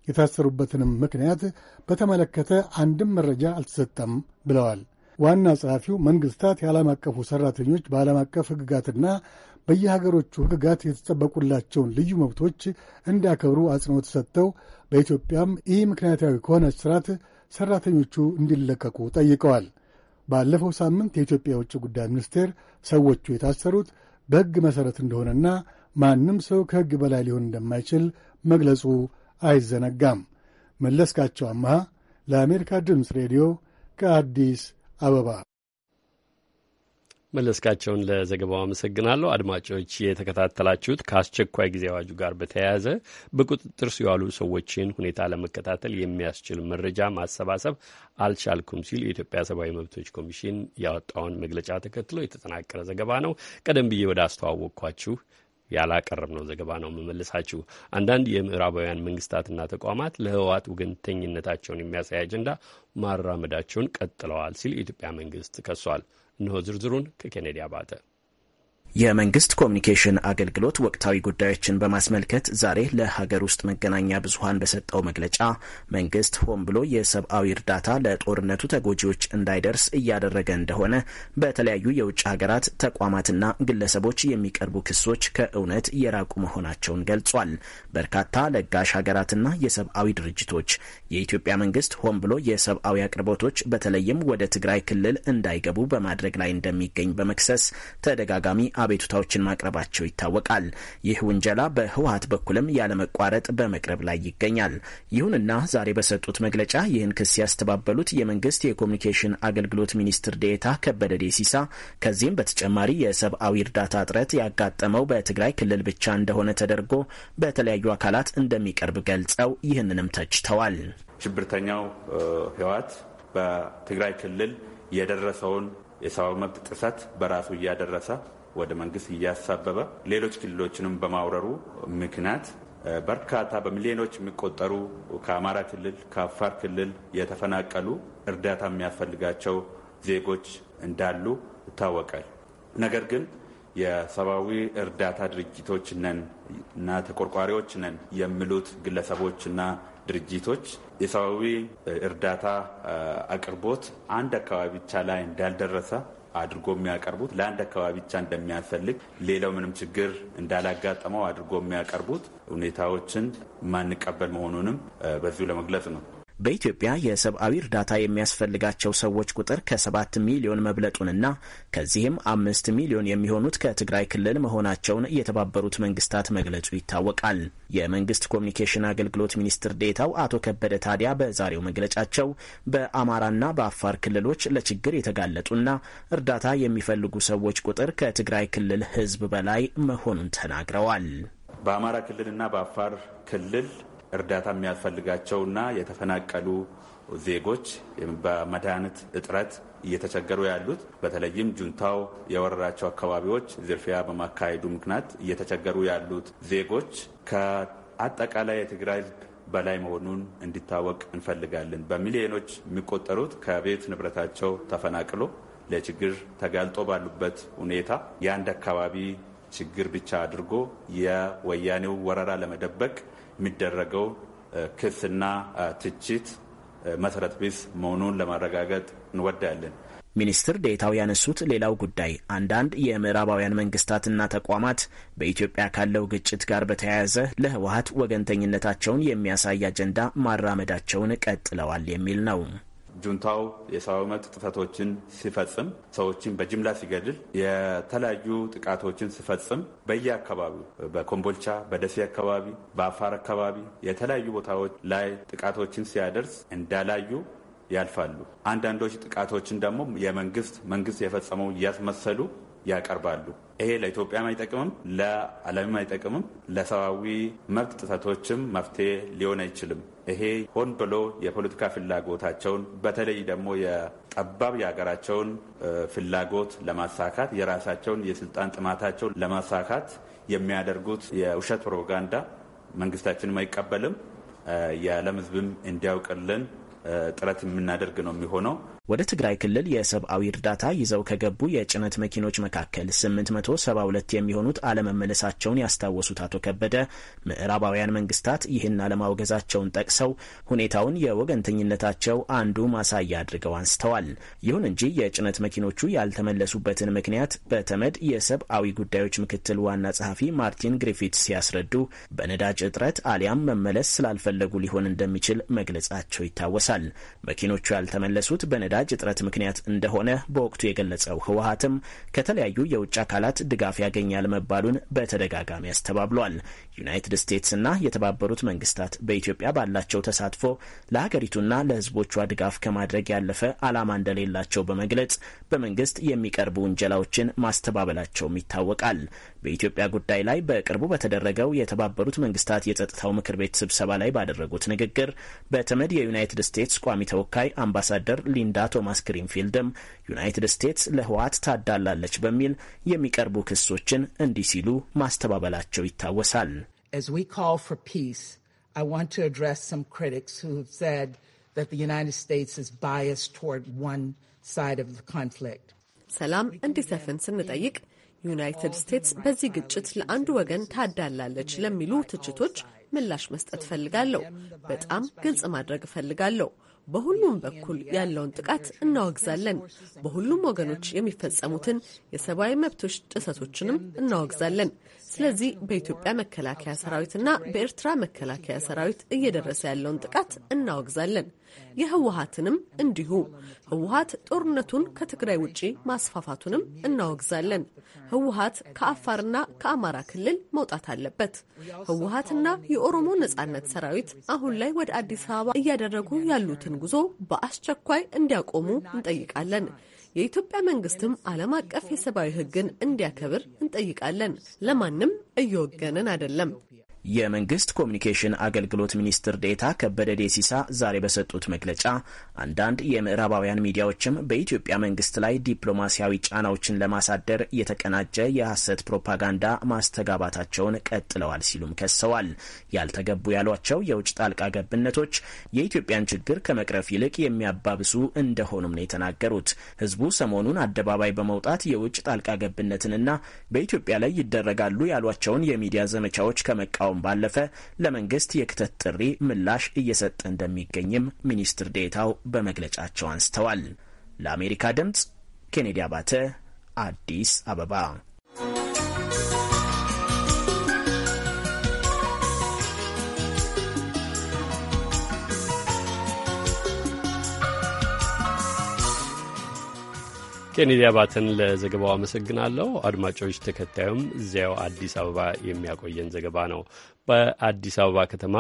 የታሰሩበትንም ምክንያት በተመለከተ አንድም መረጃ አልተሰጠም ብለዋል። ዋና ጸሐፊው መንግስታት የዓለም አቀፉ ሠራተኞች በዓለም አቀፍ ሕግጋትና በየሀገሮቹ ሕግጋት የተጠበቁላቸውን ልዩ መብቶች እንዲያከብሩ አጽንኦት ሰጥተው በኢትዮጵያም ይህ ምክንያታዊ ከሆነ ስርዓት ሠራተኞቹ እንዲለቀቁ ጠይቀዋል። ባለፈው ሳምንት የኢትዮጵያ የውጭ ጉዳይ ሚኒስቴር ሰዎቹ የታሰሩት በሕግ መሠረት እንደሆነና ማንም ሰው ከሕግ በላይ ሊሆን እንደማይችል መግለጹ አይዘነጋም። መለስካቸው አመሃ ለአሜሪካ ድምፅ ሬዲዮ ከአዲስ አበባ። መለስካቸውን ለዘገባው አመሰግናለሁ። አድማጮች የተከታተላችሁት ከአስቸኳይ ጊዜ አዋጁ ጋር በተያያዘ በቁጥጥር ሲዋሉ ሰዎችን ሁኔታ ለመከታተል የሚያስችል መረጃ ማሰባሰብ አልቻልኩም ሲል የኢትዮጵያ ሰብአዊ መብቶች ኮሚሽን ያወጣውን መግለጫ ተከትሎ የተጠናቀረ ዘገባ ነው። ቀደም ብዬ ወደ አስተዋወቅኳችሁ ያላቀረብነው ዘገባ ነው የምመልሳችሁ። አንዳንድ የምዕራባውያን መንግስታትና ተቋማት ለህወሓት ወገንተኝነታቸውን የሚያሳይ አጀንዳ ማራመዳቸውን ቀጥለዋል ሲል የኢትዮጵያ መንግስት ከሷል። እነሆ ዝርዝሩን ከኬኔዲ አባተ የመንግስት ኮሚኒኬሽን አገልግሎት ወቅታዊ ጉዳዮችን በማስመልከት ዛሬ ለሀገር ውስጥ መገናኛ ብዙሀን በሰጠው መግለጫ መንግስት ሆን ብሎ የሰብአዊ እርዳታ ለጦርነቱ ተጎጂዎች እንዳይደርስ እያደረገ እንደሆነ በተለያዩ የውጭ ሀገራት ተቋማትና ግለሰቦች የሚቀርቡ ክሶች ከእውነት የራቁ መሆናቸውን ገልጿል። በርካታ ለጋሽ ሀገራትና የሰብአዊ ድርጅቶች የኢትዮጵያ መንግስት ሆን ብሎ የሰብአዊ አቅርቦቶች በተለይም ወደ ትግራይ ክልል እንዳይገቡ በማድረግ ላይ እንደሚገኝ በመክሰስ ተደጋጋሚ አቤቱታዎችን ማቅረባቸው ይታወቃል። ይህ ውንጀላ በህወሀት በኩልም ያለመቋረጥ በመቅረብ ላይ ይገኛል። ይሁንና ዛሬ በሰጡት መግለጫ ይህን ክስ ያስተባበሉት የመንግስት የኮሚኒኬሽን አገልግሎት ሚኒስትር ዴታ ከበደ ዴሲሳ ከዚህም በተጨማሪ የሰብአዊ እርዳታ እጥረት ያጋጠመው በትግራይ ክልል ብቻ እንደሆነ ተደርጎ በተለያዩ አካላት እንደሚቀርብ ገልጸው ይህንንም ተችተዋል። ሽብርተኛው ህወሓት በትግራይ ክልል የደረሰውን የሰብአዊ መብት ጥሰት በራሱ እያደረሰ ወደ መንግስት እያሳበበ ሌሎች ክልሎችንም በማውረሩ ምክንያት በርካታ በሚሊዮኖች የሚቆጠሩ ከአማራ ክልል ከአፋር ክልል የተፈናቀሉ እርዳታ የሚያስፈልጋቸው ዜጎች እንዳሉ ይታወቃል። ነገር ግን የሰብአዊ እርዳታ ድርጅቶች ነን እና ተቆርቋሪዎች ነን የሚሉት ግለሰቦች እና ድርጅቶች የሰብአዊ እርዳታ አቅርቦት አንድ አካባቢ ብቻ ላይ እንዳልደረሰ አድርጎ የሚያቀርቡት ለአንድ አካባቢ ብቻ እንደሚያፈልግ ሌላው ምንም ችግር እንዳላጋጠመው አድርጎ የሚያቀርቡት ሁኔታዎችን ማንቀበል መሆኑንም በዚሁ ለመግለጽ ነው። በኢትዮጵያ የሰብአዊ እርዳታ የሚያስፈልጋቸው ሰዎች ቁጥር ከሰባት ሚሊዮን መብለጡንና ከዚህም አምስት ሚሊዮን የሚሆኑት ከትግራይ ክልል መሆናቸውን የተባበሩት መንግስታት መግለጹ ይታወቃል። የመንግስት ኮሚኒኬሽን አገልግሎት ሚኒስትር ዴታው አቶ ከበደ ታዲያ በዛሬው መግለጫቸው በአማራና በአፋር ክልሎች ለችግር የተጋለጡና እርዳታ የሚፈልጉ ሰዎች ቁጥር ከትግራይ ክልል ህዝብ በላይ መሆኑን ተናግረዋል። በአማራ ክልልና በአፋር ክልል እርዳታ የሚያስፈልጋቸውና የተፈናቀሉ ዜጎች በመድኃኒት እጥረት እየተቸገሩ ያሉት በተለይም ጁንታው የወረራቸው አካባቢዎች ዝርፊያ በማካሄዱ ምክንያት እየተቸገሩ ያሉት ዜጎች ከአጠቃላይ የትግራይ በላይ መሆኑን እንዲታወቅ እንፈልጋለን። በሚሊዮኖች የሚቆጠሩት ከቤት ንብረታቸው ተፈናቅሎ ለችግር ተጋልጦ ባሉበት ሁኔታ የአንድ አካባቢ ችግር ብቻ አድርጎ የወያኔው ወረራ ለመደበቅ የሚደረገው ክስና ትችት መሰረት ቢስ መሆኑን ለማረጋገጥ እንወዳለን። ሚኒስትር ዴታው ያነሱት ሌላው ጉዳይ አንዳንድ የምዕራባውያን መንግስታትና ተቋማት በኢትዮጵያ ካለው ግጭት ጋር በተያያዘ ለህወሀት ወገንተኝነታቸውን የሚያሳይ አጀንዳ ማራመዳቸውን ቀጥለዋል የሚል ነው። ጁንታው የሰብአዊ መብት ጥሰቶችን ሲፈጽም፣ ሰዎችን በጅምላ ሲገድል፣ የተለያዩ ጥቃቶችን ሲፈጽም በየአካባቢው በኮምቦልቻ፣ በደሴ አካባቢ፣ በአፋር አካባቢ የተለያዩ ቦታዎች ላይ ጥቃቶችን ሲያደርስ እንዳላዩ ያልፋሉ። አንዳንዶች ጥቃቶችን ደግሞ የመንግስት መንግስት የፈጸመው እያስመሰሉ ያቀርባሉ። ይሄ ለኢትዮጵያም አይጠቅምም፣ ለዓለምም አይጠቅምም፣ ለሰብአዊ መብት ጥሰቶችም መፍትሄ ሊሆን አይችልም። ይሄ ሆን ብሎ የፖለቲካ ፍላጎታቸውን በተለይ ደግሞ የጠባብ የሀገራቸውን ፍላጎት ለማሳካት የራሳቸውን የስልጣን ጥማታቸውን ለማሳካት የሚያደርጉት የውሸት ፕሮፓጋንዳ መንግስታችንም አይቀበልም። የዓለም ሕዝብም እንዲያውቅልን ጥረት የምናደርግ ነው የሚሆነው። ወደ ትግራይ ክልል የሰብአዊ እርዳታ ይዘው ከገቡ የጭነት መኪኖች መካከል 872 የሚሆኑት አለመመለሳቸውን ያስታወሱት አቶ ከበደ ምዕራባውያን መንግስታት ይህን አለማውገዛቸውን ጠቅሰው ሁኔታውን የወገንተኝነታቸው አንዱ ማሳያ አድርገው አንስተዋል። ይሁን እንጂ የጭነት መኪኖቹ ያልተመለሱበትን ምክንያት በተመድ የሰብአዊ ጉዳዮች ምክትል ዋና ጸሐፊ ማርቲን ግሪፊት ሲያስረዱ በነዳጅ እጥረት አሊያም መመለስ ስላልፈለጉ ሊሆን እንደሚችል መግለጻቸው ይታወሳል። መኪኖቹ ያልተመለሱት በነዳ በነዳጅ እጥረት ምክንያት እንደሆነ በወቅቱ የገለጸው ህወሀትም ከተለያዩ የውጭ አካላት ድጋፍ ያገኛል መባሉን በተደጋጋሚ አስተባብሏል። ዩናይትድ ስቴትስና የተባበሩት መንግስታት በኢትዮጵያ ባላቸው ተሳትፎ ለሀገሪቱና ለህዝቦቿ ድጋፍ ከማድረግ ያለፈ ዓላማ እንደሌላቸው በመግለጽ በመንግስት የሚቀርቡ ውንጀላዎችን ማስተባበላቸውም ይታወቃል። በኢትዮጵያ ጉዳይ ላይ በቅርቡ በተደረገው የተባበሩት መንግስታት የጸጥታው ምክር ቤት ስብሰባ ላይ ባደረጉት ንግግር በተመድ የዩናይትድ ስቴትስ ቋሚ ተወካይ አምባሳደር ሊንዳ ቶማስ ግሪንፊልድም ዩናይትድ ስቴትስ ለህወሓት ታዳላለች በሚል የሚቀርቡ ክሶችን እንዲህ ሲሉ ማስተባበላቸው ይታወሳል። ሰላም እንዲሰፍን ስንጠይቅ ዩናይትድ ስቴትስ በዚህ ግጭት ለአንድ ወገን ታዳላለች ለሚሉ ትችቶች ምላሽ መስጠት እፈልጋለሁ። በጣም ግልጽ ማድረግ እፈልጋለሁ። በሁሉም በኩል ያለውን ጥቃት እናወግዛለን። በሁሉም ወገኖች የሚፈጸሙትን የሰብአዊ መብቶች ጥሰቶችንም እናወግዛለን። ስለዚህ በኢትዮጵያ መከላከያ ሰራዊትና በኤርትራ መከላከያ ሰራዊት እየደረሰ ያለውን ጥቃት እናወግዛለን። የህወሀትንም እንዲሁ ህወሀት ጦርነቱን ከትግራይ ውጪ ማስፋፋቱንም እናወግዛለን። ህወሀት ከአፋርና ከአማራ ክልል መውጣት አለበት። ህወሀትና የኦሮሞ ነጻነት ሰራዊት አሁን ላይ ወደ አዲስ አበባ እያደረጉ ያሉትን ጉዞ በአስቸኳይ እንዲያቆሙ እንጠይቃለን። የኢትዮጵያ መንግስትም ዓለም አቀፍ የሰብአዊ ህግን እንዲያከብር እንጠይቃለን። ለማንም እየወገንን አይደለም። የመንግስት ኮሚኒኬሽን አገልግሎት ሚኒስትር ዴታ ከበደ ዴሲሳ ዛሬ በሰጡት መግለጫ አንዳንድ የምዕራባውያን ሚዲያዎችም በኢትዮጵያ መንግስት ላይ ዲፕሎማሲያዊ ጫናዎችን ለማሳደር የተቀናጀ የሐሰት ፕሮፓጋንዳ ማስተጋባታቸውን ቀጥለዋል ሲሉም ከሰዋል። ያልተገቡ ያሏቸው የውጭ ጣልቃ ገብነቶች የኢትዮጵያን ችግር ከመቅረፍ ይልቅ የሚያባብሱ እንደሆኑም ነው የተናገሩት። ህዝቡ ሰሞኑን አደባባይ በመውጣት የውጭ ጣልቃ ገብነትንና በኢትዮጵያ ላይ ይደረጋሉ ያሏቸውን የሚዲያ ዘመቻዎች ከመቃወም ከመጠየቃቸውን ባለፈ ለመንግስት የክተት ጥሪ ምላሽ እየሰጠ እንደሚገኝም ሚኒስትር ዴታው በመግለጫቸው አንስተዋል። ለአሜሪካ ድምጽ ኬኔዲ አባተ አዲስ አበባ ኬኔዲ አባተን ለዘገባው አመሰግናለሁ። አድማጮች፣ ተከታዩም እዚያው አዲስ አበባ የሚያቆየን ዘገባ ነው። በአዲስ አበባ ከተማ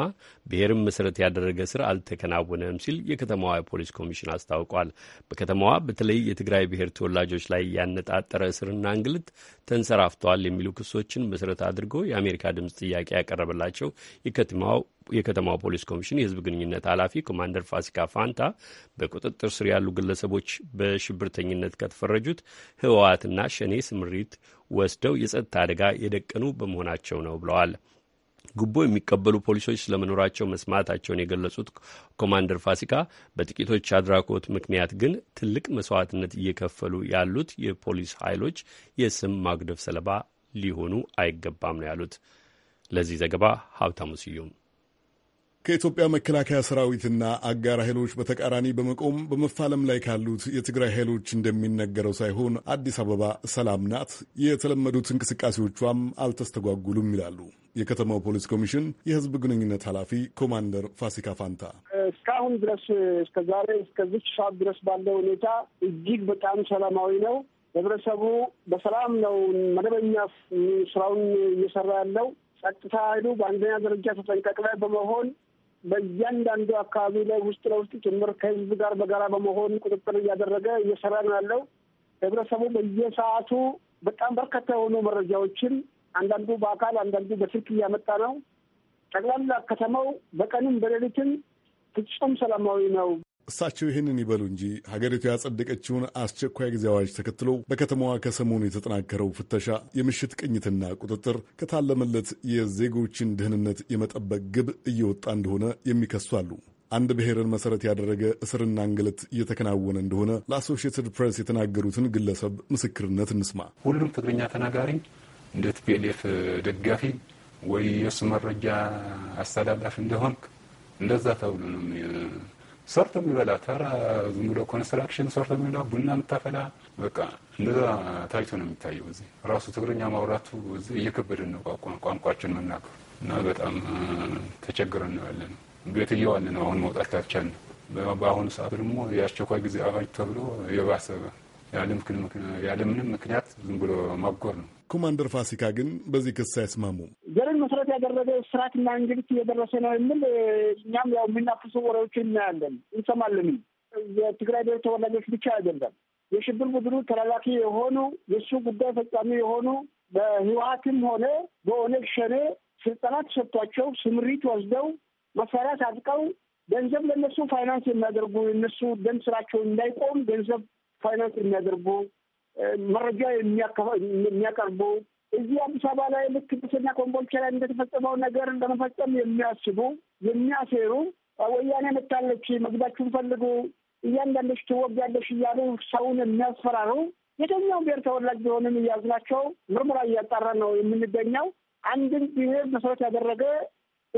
ብሔርን መሰረት ያደረገ ስራ አልተከናወነም ሲል የከተማዋ የፖሊስ ኮሚሽን አስታውቋል። በከተማዋ በተለይ የትግራይ ብሔር ተወላጆች ላይ ያነጣጠረ እስርና እንግልት ተንሰራፍተዋል የሚሉ ክሶችን መሰረት አድርጎ የአሜሪካ ድምፅ ጥያቄ ያቀረበላቸው የከተማው የከተማው ፖሊስ ኮሚሽን የህዝብ ግንኙነት ኃላፊ ኮማንደር ፋሲካ ፋንታ በቁጥጥር ስር ያሉ ግለሰቦች በሽብርተኝነት ከተፈረጁት ህወሓትና ሸኔ ስምሪት ወስደው የጸጥታ አደጋ የደቀኑ በመሆናቸው ነው ብለዋል። ጉቦ የሚቀበሉ ፖሊሶች ስለመኖራቸው መስማታቸውን የገለጹት ኮማንደር ፋሲካ በጥቂቶች አድራጎት ምክንያት ግን ትልቅ መስዋዕትነት እየከፈሉ ያሉት የፖሊስ ኃይሎች የስም ማጉደፍ ሰለባ ሊሆኑ አይገባም ነው ያሉት። ለዚህ ዘገባ ሀብታሙ ስዩም ከኢትዮጵያ መከላከያ ሰራዊትና አጋር ኃይሎች በተቃራኒ በመቆም በመፋለም ላይ ካሉት የትግራይ ኃይሎች እንደሚነገረው ሳይሆን አዲስ አበባ ሰላም ናት፣ የተለመዱት እንቅስቃሴዎቿም አልተስተጓጉሉም ይላሉ። የከተማው ፖሊስ ኮሚሽን የህዝብ ግንኙነት ኃላፊ ኮማንደር ፋሲካ ፋንታ እስካሁን ድረስ እስከዛሬ እስከዚች ሰዓት ድረስ ባለው ሁኔታ እጅግ በጣም ሰላማዊ ነው። ህብረተሰቡ በሰላም ነው መደበኛ ስራውን እየሰራ ያለው። ጸጥታ ኃይሉ በአንደኛ ደረጃ ተጠንቀቅ ላይ በመሆን በእያንዳንዱ አካባቢ ላይ ውስጥ ለውስጥ ጭምር ከህዝብ ጋር በጋራ በመሆን ቁጥጥር እያደረገ እየሰራ ነው ያለው። ህብረተሰቡ በየሰዓቱ በጣም በርካታ የሆኑ መረጃዎችን አንዳንዱ በአካል አንዳንዱ በስልክ እያመጣ ነው። ጠቅላላ ከተማው በቀንም በሌሊትም ፍጹም ሰላማዊ ነው። እሳቸው ይህንን ይበሉ እንጂ ሀገሪቱ ያጸደቀችውን አስቸኳይ ጊዜ አዋጅ ተከትሎ በከተማዋ ከሰሞኑ የተጠናከረው ፍተሻ፣ የምሽት ቅኝትና ቁጥጥር ከታለመለት የዜጎችን ደህንነት የመጠበቅ ግብ እየወጣ እንደሆነ የሚከሱ አሉ። አንድ ብሔርን መሰረት ያደረገ እስርና እንግልት እየተከናወነ እንደሆነ ለአሶሺየትድ ፕሬስ የተናገሩትን ግለሰብ ምስክርነት እንስማ። ሁሉም ትግርኛ ተናጋሪ እንደ ቲፒኤልኤፍ ደጋፊ ወይ የእሱ መረጃ አስተላላፊ እንደሆንክ እንደዛ ተብሎ ነው ሰርቶ የሚበላ ተራ ዝም ብሎ ኮንስትራክሽን ሰርቶ የሚበላ ቡና የምታፈላ በቃ እንደዛ ታይቶ ነው የሚታየው። እዚህ ራሱ ትግርኛ ማውራቱ እዚህ እየከበደን ነው ቋንቋችን መናገሩ እና በጣም ተቸግረን ነው ያለ ነው። ቤት እየዋለ ነው አሁን መውጣት ካልቻልን ነው። በአሁኑ ሰዓት ደግሞ የአስቸኳይ ጊዜ አዋጅ ተብሎ የባሰበ ያለምንም ምክንያት ዝም ብሎ ማጎር ነው። ኮማንደር ፋሲካ ግን በዚህ ክስ አይስማሙም። ዘርን መሰረት ያደረገ ስርዓትና እንግልት እየደረሰ ነው የሚል እኛም ያው የሚናፍሱ ወሬዎች እናያለን እንሰማለን። የትግራይ ብሔር ተወላጆች ብቻ አይደለም የሽብር ቡድኑ ተላላኪ የሆኑ የእሱ ጉዳይ ፈጻሚ የሆኑ በህወሀትም ሆነ በኦነግ ሸኔ ስልጠና ተሰጥቷቸው ስምሪት ወስደው መሳሪያ ታጥቀው ገንዘብ ለእነሱ ፋይናንስ የሚያደርጉ እነሱ ደም ስራቸው እንዳይቆም ገንዘብ ፋይናንስ የሚያደርጉ መረጃ የሚያቀርቡ እዚህ አዲስ አበባ ላይ ልክ ብሰኛ ኮምቦልቻ ላይ እንደተፈጸመው ነገር ለመፈጸም የሚያስቡ የሚያሴሩ ወያኔ መታለች፣ መግባችሁን ፈልጉ፣ እያንዳንዶች ትወጋለች እያሉ ሰውን የሚያስፈራሩ የትኛው ብሔር ተወላጅ ቢሆንም እያዝናቸው ምርመራ እያጣራ ነው የምንገኘው። አንድን ብሔር መሰረት ያደረገ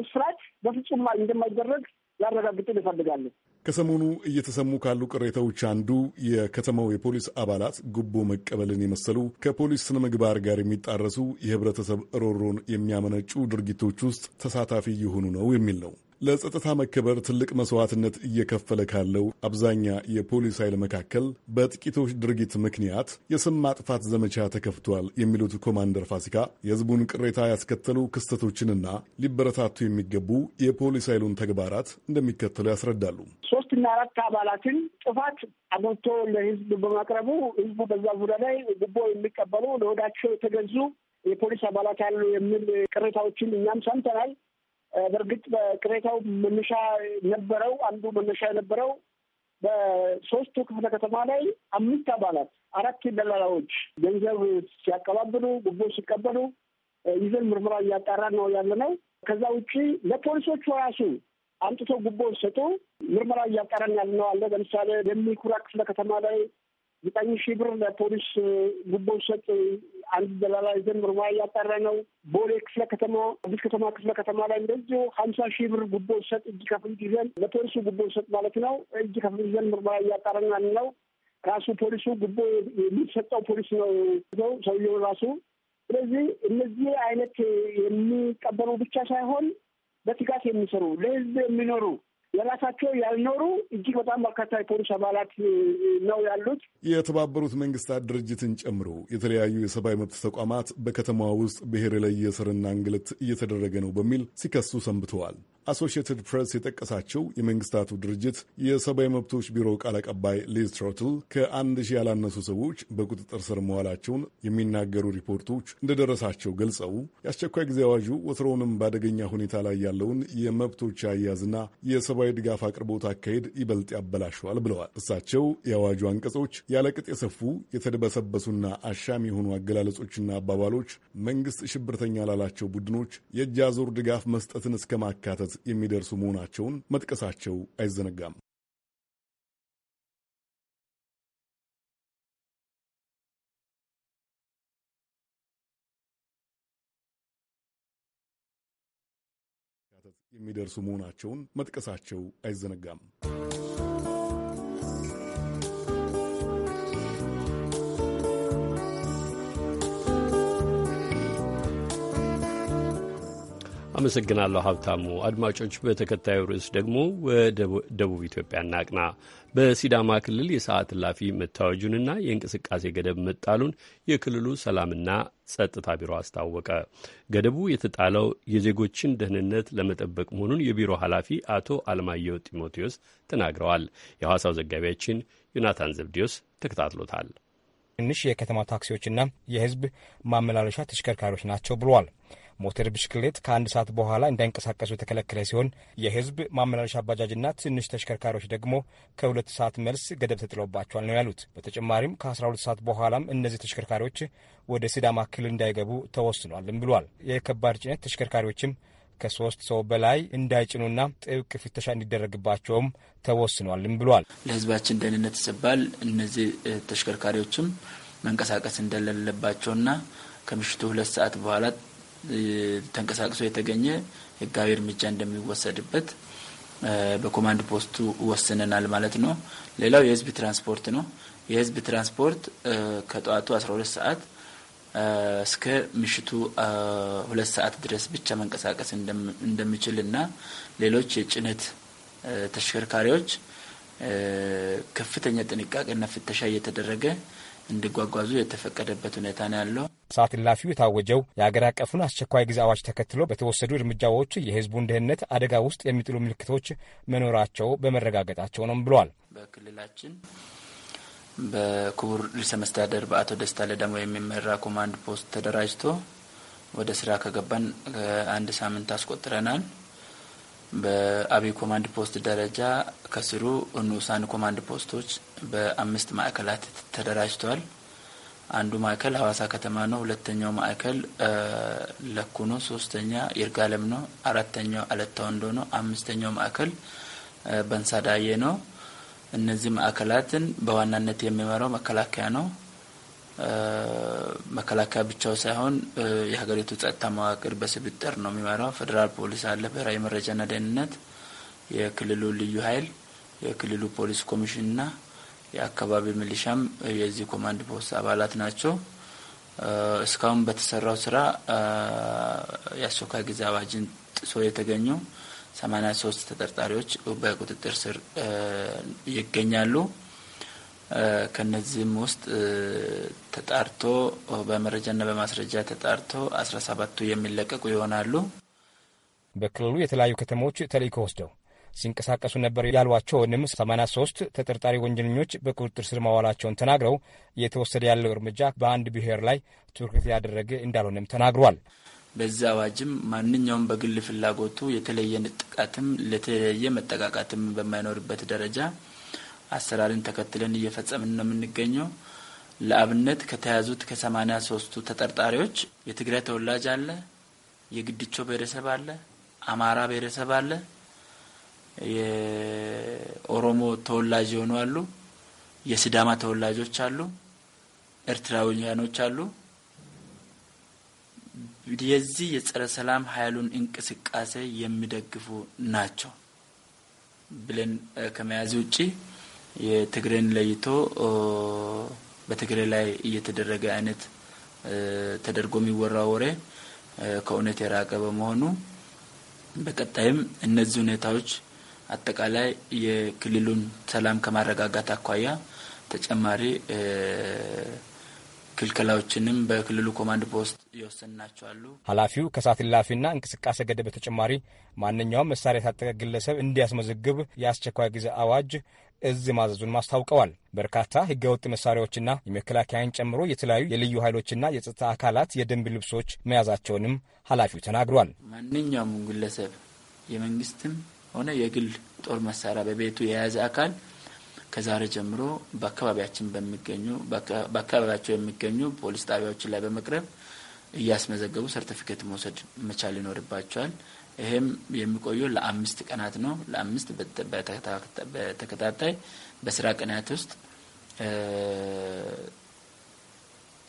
እስራት በፍጹም እንደማይደረግ ያረጋግጥን ይፈልጋለን። ከሰሞኑ እየተሰሙ ካሉ ቅሬታዎች አንዱ የከተማው የፖሊስ አባላት ጉቦ መቀበልን የመሰሉ ከፖሊስ ስነ ምግባር ጋር የሚጣረሱ የህብረተሰብ ሮሮን የሚያመነጩ ድርጊቶች ውስጥ ተሳታፊ እየሆኑ ነው የሚል ነው። ለጸጥታ መከበር ትልቅ መስዋዕትነት እየከፈለ ካለው አብዛኛ የፖሊስ ኃይል መካከል በጥቂቶች ድርጊት ምክንያት የስም ማጥፋት ዘመቻ ተከፍቷል የሚሉት ኮማንደር ፋሲካ የሕዝቡን ቅሬታ ያስከተሉ ክስተቶችንና ሊበረታቱ የሚገቡ የፖሊስ ኃይሉን ተግባራት እንደሚከተሉ ያስረዳሉ። ሶስትና አራት አባላትን ጥፋት አጉልቶ ለሕዝብ በማቅረቡ ሕዝቡ በዛ ዙሪያ ላይ ጉቦ የሚቀበሉ ለወዳቸው የተገዙ የፖሊስ አባላት ያሉ የሚል ቅሬታዎችን እኛም ሰምተናል። በእርግጥ በቅሬታው መነሻ የነበረው አንዱ መነሻ የነበረው በሶስቱ ክፍለ ከተማ ላይ አምስት አባላት አራት ደላላዎች ገንዘብ ሲያቀባብሉ፣ ጉቦ ሲቀበሉ ይዘን ምርመራ እያጣራ ነው ያለ ነው። ከዛ ውጪ ለፖሊሶቹ ራሱ አምጥቶ ጉቦ ሰጡ፣ ምርመራ እያጣራን ያለ ነው አለ። ለምሳሌ የሚኩራ ክፍለ ከተማ ላይ ዘጠኝ ሺህ ብር ለፖሊስ ጉቦ ሰጥ አንድ ደላላ ይዘን ምርመራ እያጣራ ነው። ቦሌ ክፍለ ከተማ፣ አዲስ ከተማ ክፍለ ከተማ ላይ እንደዚሁ ሀምሳ ሺህ ብር ጉቦ ሰጥ እጅ ከፍል ይዘን ለፖሊሱ ጉቦ ሰጥ ማለት ነው እጅ ከፍል ይዘን ምርመራ እያጣራን ነው። ራሱ ፖሊሱ ጉቦ የሚሰጠው ፖሊስ ነው ነው ሰውየው ራሱ። ስለዚህ እነዚህ አይነት የሚቀበሉ ብቻ ሳይሆን በትጋት የሚሰሩ ለህዝብ የሚኖሩ የራሳቸው ያልኖሩ እጅግ በጣም በርካታ የፖሊስ አባላት ነው ያሉት። የተባበሩት መንግስታት ድርጅትን ጨምሮ የተለያዩ የሰብአዊ መብት ተቋማት በከተማዋ ውስጥ ብሔር ላይ እስርና እንግልት እየተደረገ ነው በሚል ሲከሱ ሰንብተዋል። አሶሽትድ ፕሬስ የጠቀሳቸው የመንግስታቱ ድርጅት የሰብአዊ መብቶች ቢሮ ቃል አቀባይ ሊዝ ትሮትል ከአንድ ሺህ ያላነሱ ሰዎች በቁጥጥር ስር መዋላቸውን የሚናገሩ ሪፖርቶች እንደደረሳቸው ገልጸው የአስቸኳይ ጊዜ አዋጁ ወትሮውንም በአደገኛ ሁኔታ ላይ ያለውን የመብቶች አያያዝና የሰብአዊ ድጋፍ አቅርቦት አካሄድ ይበልጥ ያበላሸዋል ብለዋል። እሳቸው የአዋጁ አንቀጾች ያለቅጥ የሰፉ የተደበሰበሱና አሻሚ የሆኑ አገላለጾችና አባባሎች መንግስት ሽብርተኛ ላላቸው ቡድኖች የእጅ አዙር ድጋፍ መስጠትን እስከ ማካተት የሚደርሱ መሆናቸውን መጥቀሳቸው አይዘነጋም። የሚደርሱ መሆናቸውን መጥቀሳቸው አይዘነጋም። አመሰግናለሁ ሀብታሙ። አድማጮች፣ በተከታዩ ርዕስ ደግሞ ደቡብ ኢትዮጵያ እናቅና። በሲዳማ ክልል የሰዓት እላፊ መታወጁንና የእንቅስቃሴ ገደብ መጣሉን የክልሉ ሰላምና ጸጥታ ቢሮ አስታወቀ። ገደቡ የተጣለው የዜጎችን ደህንነት ለመጠበቅ መሆኑን የቢሮ ኃላፊ አቶ አለማየሁ ጢሞቴዎስ ተናግረዋል። የሐዋሳው ዘጋቢያችን ዮናታን ዘብዲዮስ ተከታትሎታል። ትንሽ የከተማ ታክሲዎችና የህዝብ ማመላለሻ ተሽከርካሪዎች ናቸው ብሏል። ሞተር ብሽክሌት ከአንድ ሰዓት በኋላ እንዳይንቀሳቀሱ የተከለከለ ሲሆን የህዝብ ማመላለሻ አባጃጅና ትንሽ ተሽከርካሪዎች ደግሞ ከሁለት ሰዓት መልስ ገደብ ተጥሎባቸዋል ነው ያሉት። በተጨማሪም ከ12 ሰዓት በኋላም እነዚህ ተሽከርካሪዎች ወደ ሲዳማ ክልል እንዳይገቡ ተወስኗልም ብሏል። የከባድ ጭነት ተሽከርካሪዎችም ከሶስት ሰው በላይ እንዳይጭኑና ጥብቅ ፍተሻ እንዲደረግባቸውም ተወስኗልም ብሏል። ለህዝባችን ደህንነት ሲባል እነዚህ ተሽከርካሪዎችም መንቀሳቀስ እንደሌለባቸውና ከምሽቱ ሁለት ሰዓት በኋላ ተንቀሳቅሶ የተገኘ ህጋዊ እርምጃ እንደሚወሰድበት በኮማንድ ፖስቱ ወስነናል ማለት ነው። ሌላው የህዝብ ትራንስፖርት ነው። የህዝብ ትራንስፖርት ከጠዋቱ 12 ሰዓት እስከ ምሽቱ ሁለት ሰዓት ድረስ ብቻ መንቀሳቀስ እንደሚችል እና ሌሎች የጭነት ተሽከርካሪዎች ከፍተኛ ጥንቃቄና ፍተሻ እየተደረገ እንዲጓጓዙ የተፈቀደበት ሁኔታ ነው ያለው። ሰዓት እላፊው የታወጀው የአገር አቀፉን አስቸኳይ ጊዜ አዋጅ ተከትሎ በተወሰዱ እርምጃዎች የህዝቡን ደህንነት አደጋ ውስጥ የሚጥሉ ምልክቶች መኖራቸው በመረጋገጣቸው ነው ብሏል። በክልላችን በክቡር ርዕሰ መስተዳደር በአቶ ደስታ ለዳሞ የሚመራ ኮማንድ ፖስት ተደራጅቶ ወደ ስራ ከገባን አንድ ሳምንት አስቆጥረናል። በአብይ ኮማንድ ፖስት ደረጃ ከስሩ ንዑሳን ኮማንድ ፖስቶች በአምስት ማዕከላት ተደራጅተዋል። አንዱ ማዕከል ሀዋሳ ከተማ ነው። ሁለተኛው ማዕከል ለኩ ነው። ሶስተኛ ይርጋለም ነው። አራተኛው አለታ ወንዶ ነው። አምስተኛው ማዕከል በንሳዳዬ ነው። እነዚህ ማዕከላትን በዋናነት የሚመራው መከላከያ ነው። መከላከያ ብቻው ሳይሆን የሀገሪቱ ጸጥታ መዋቅር በስብጥር ነው የሚመራው። ፌዴራል ፖሊስ አለ፣ ብሔራዊ መረጃና ደህንነት፣ የክልሉ ልዩ ኃይል፣ የክልሉ ፖሊስ ኮሚሽንና የአካባቢ ሚሊሻም የዚህ ኮማንድ ፖስት አባላት ናቸው። እስካሁን በተሰራው ስራ የአስቸኳይ ጊዜ አዋጅን ጥሶ የተገኙ ሰማኒያ ሶስት ተጠርጣሪዎች በቁጥጥር ስር ይገኛሉ። ከነዚህም ውስጥ ተጣርቶ በመረጃና በማስረጃ ተጣርቶ አስራ ሰባቱ የሚለቀቁ ይሆናሉ። በክልሉ የተለያዩ ከተሞች ተልዕኮ ወስደው ሲንቀሳቀሱ ነበር ያሏቸውንም 83 ተጠርጣሪ ወንጀለኞች በቁጥጥር ስር ማዋላቸውን ተናግረው እየተወሰደ ያለው እርምጃ በአንድ ብሔር ላይ ትኩረት ያደረገ እንዳልሆነም ተናግሯል። በዚህ አዋጅም ማንኛውም በግል ፍላጎቱ የተለየ ንጥቃትም ለተለየ መጠቃቃትም በማይኖርበት ደረጃ አሰራርን ተከትለን እየፈጸምን ነው የምንገኘው። ለአብነት ከተያዙት ከሰማኒያ ሶስቱ ተጠርጣሪዎች የትግራይ ተወላጅ አለ፣ የግድቾ ብሔረሰብ አለ፣ አማራ ብሔረሰብ አለ የኦሮሞ ተወላጅ የሆኑ አሉ፣ የሲዳማ ተወላጆች አሉ፣ ኤርትራውያኖች አሉ። የዚህ የጸረ ሰላም ኃይሉን እንቅስቃሴ የሚደግፉ ናቸው ብለን ከመያዝ ውጭ የትግሬን ለይቶ በትግሬ ላይ እየተደረገ አይነት ተደርጎ የሚወራ ወሬ ከእውነት የራቀ በመሆኑ በቀጣይም እነዚህ ሁኔታዎች አጠቃላይ የክልሉን ሰላም ከማረጋጋት አኳያ ተጨማሪ ክልከላዎችንም በክልሉ ኮማንድ ፖስት የወሰንናቸው አሉ። ኃላፊው ከሰዓት እላፊና እንቅስቃሴ ገደብ በተጨማሪ ማንኛውም መሳሪያ የታጠቀ ግለሰብ እንዲያስመዘግብ የአስቸኳይ ጊዜ አዋጅ እዝ ማዘዙን ማስታውቀዋል። በርካታ ህገወጥ መሳሪያዎችና የመከላከያን ጨምሮ የተለያዩ የልዩ ኃይሎችና የጸጥታ አካላት የደንብ ልብሶች መያዛቸውንም ኃላፊው ተናግሯል። ማንኛውም ግለሰብ የመንግስትም ሆነ የግል ጦር መሳሪያ በቤቱ የያዘ አካል ከዛሬ ጀምሮ በአካባቢያችን በሚገኙ በአካባቢያቸው የሚገኙ ፖሊስ ጣቢያዎችን ላይ በመቅረብ እያስመዘገቡ ሰርቲፊኬት መውሰድ መቻል ይኖርባቸዋል። ይህም የሚቆየው ለአምስት ቀናት ነው። ለአምስት በተከታታይ በስራ ቀናት ውስጥ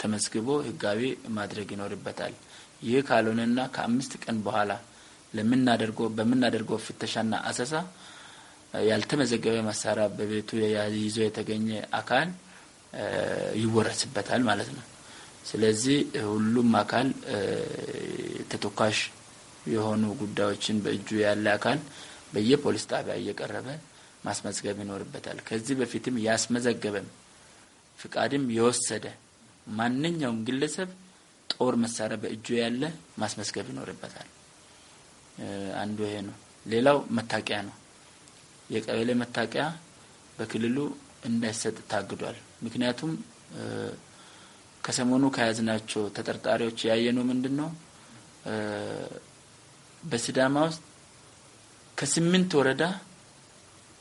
ተመዝግቦ ህጋዊ ማድረግ ይኖርበታል። ይህ ካልሆነና ከአምስት ቀን በኋላ ለምናደርገው በምናደርገው ፍተሻና አሰሳ ያልተመዘገበ መሳሪያ በቤቱ ይዞ የተገኘ አካል ይወረስበታል ማለት ነው። ስለዚህ ሁሉም አካል ተቶካሽ የሆኑ ጉዳዮችን በእጁ ያለ አካል በየፖሊስ ጣቢያ እየቀረበ ማስመዝገብ ይኖርበታል። ከዚህ በፊትም ያስመዘገበም ፍቃድም የወሰደ ማንኛውም ግለሰብ ጦር መሳሪያ በእጁ ያለ ማስመዝገብ ይኖርበታል። አንዱ ይሄ ነው። ሌላው መታቂያ ነው። የቀበሌ መታቂያ በክልሉ እንዳይሰጥ ታግዷል። ምክንያቱም ከሰሞኑ ከያዝናቸው ተጠርጣሪዎች ያየነው ምንድን ነው? በሲዳማ ውስጥ ከስምንት ወረዳ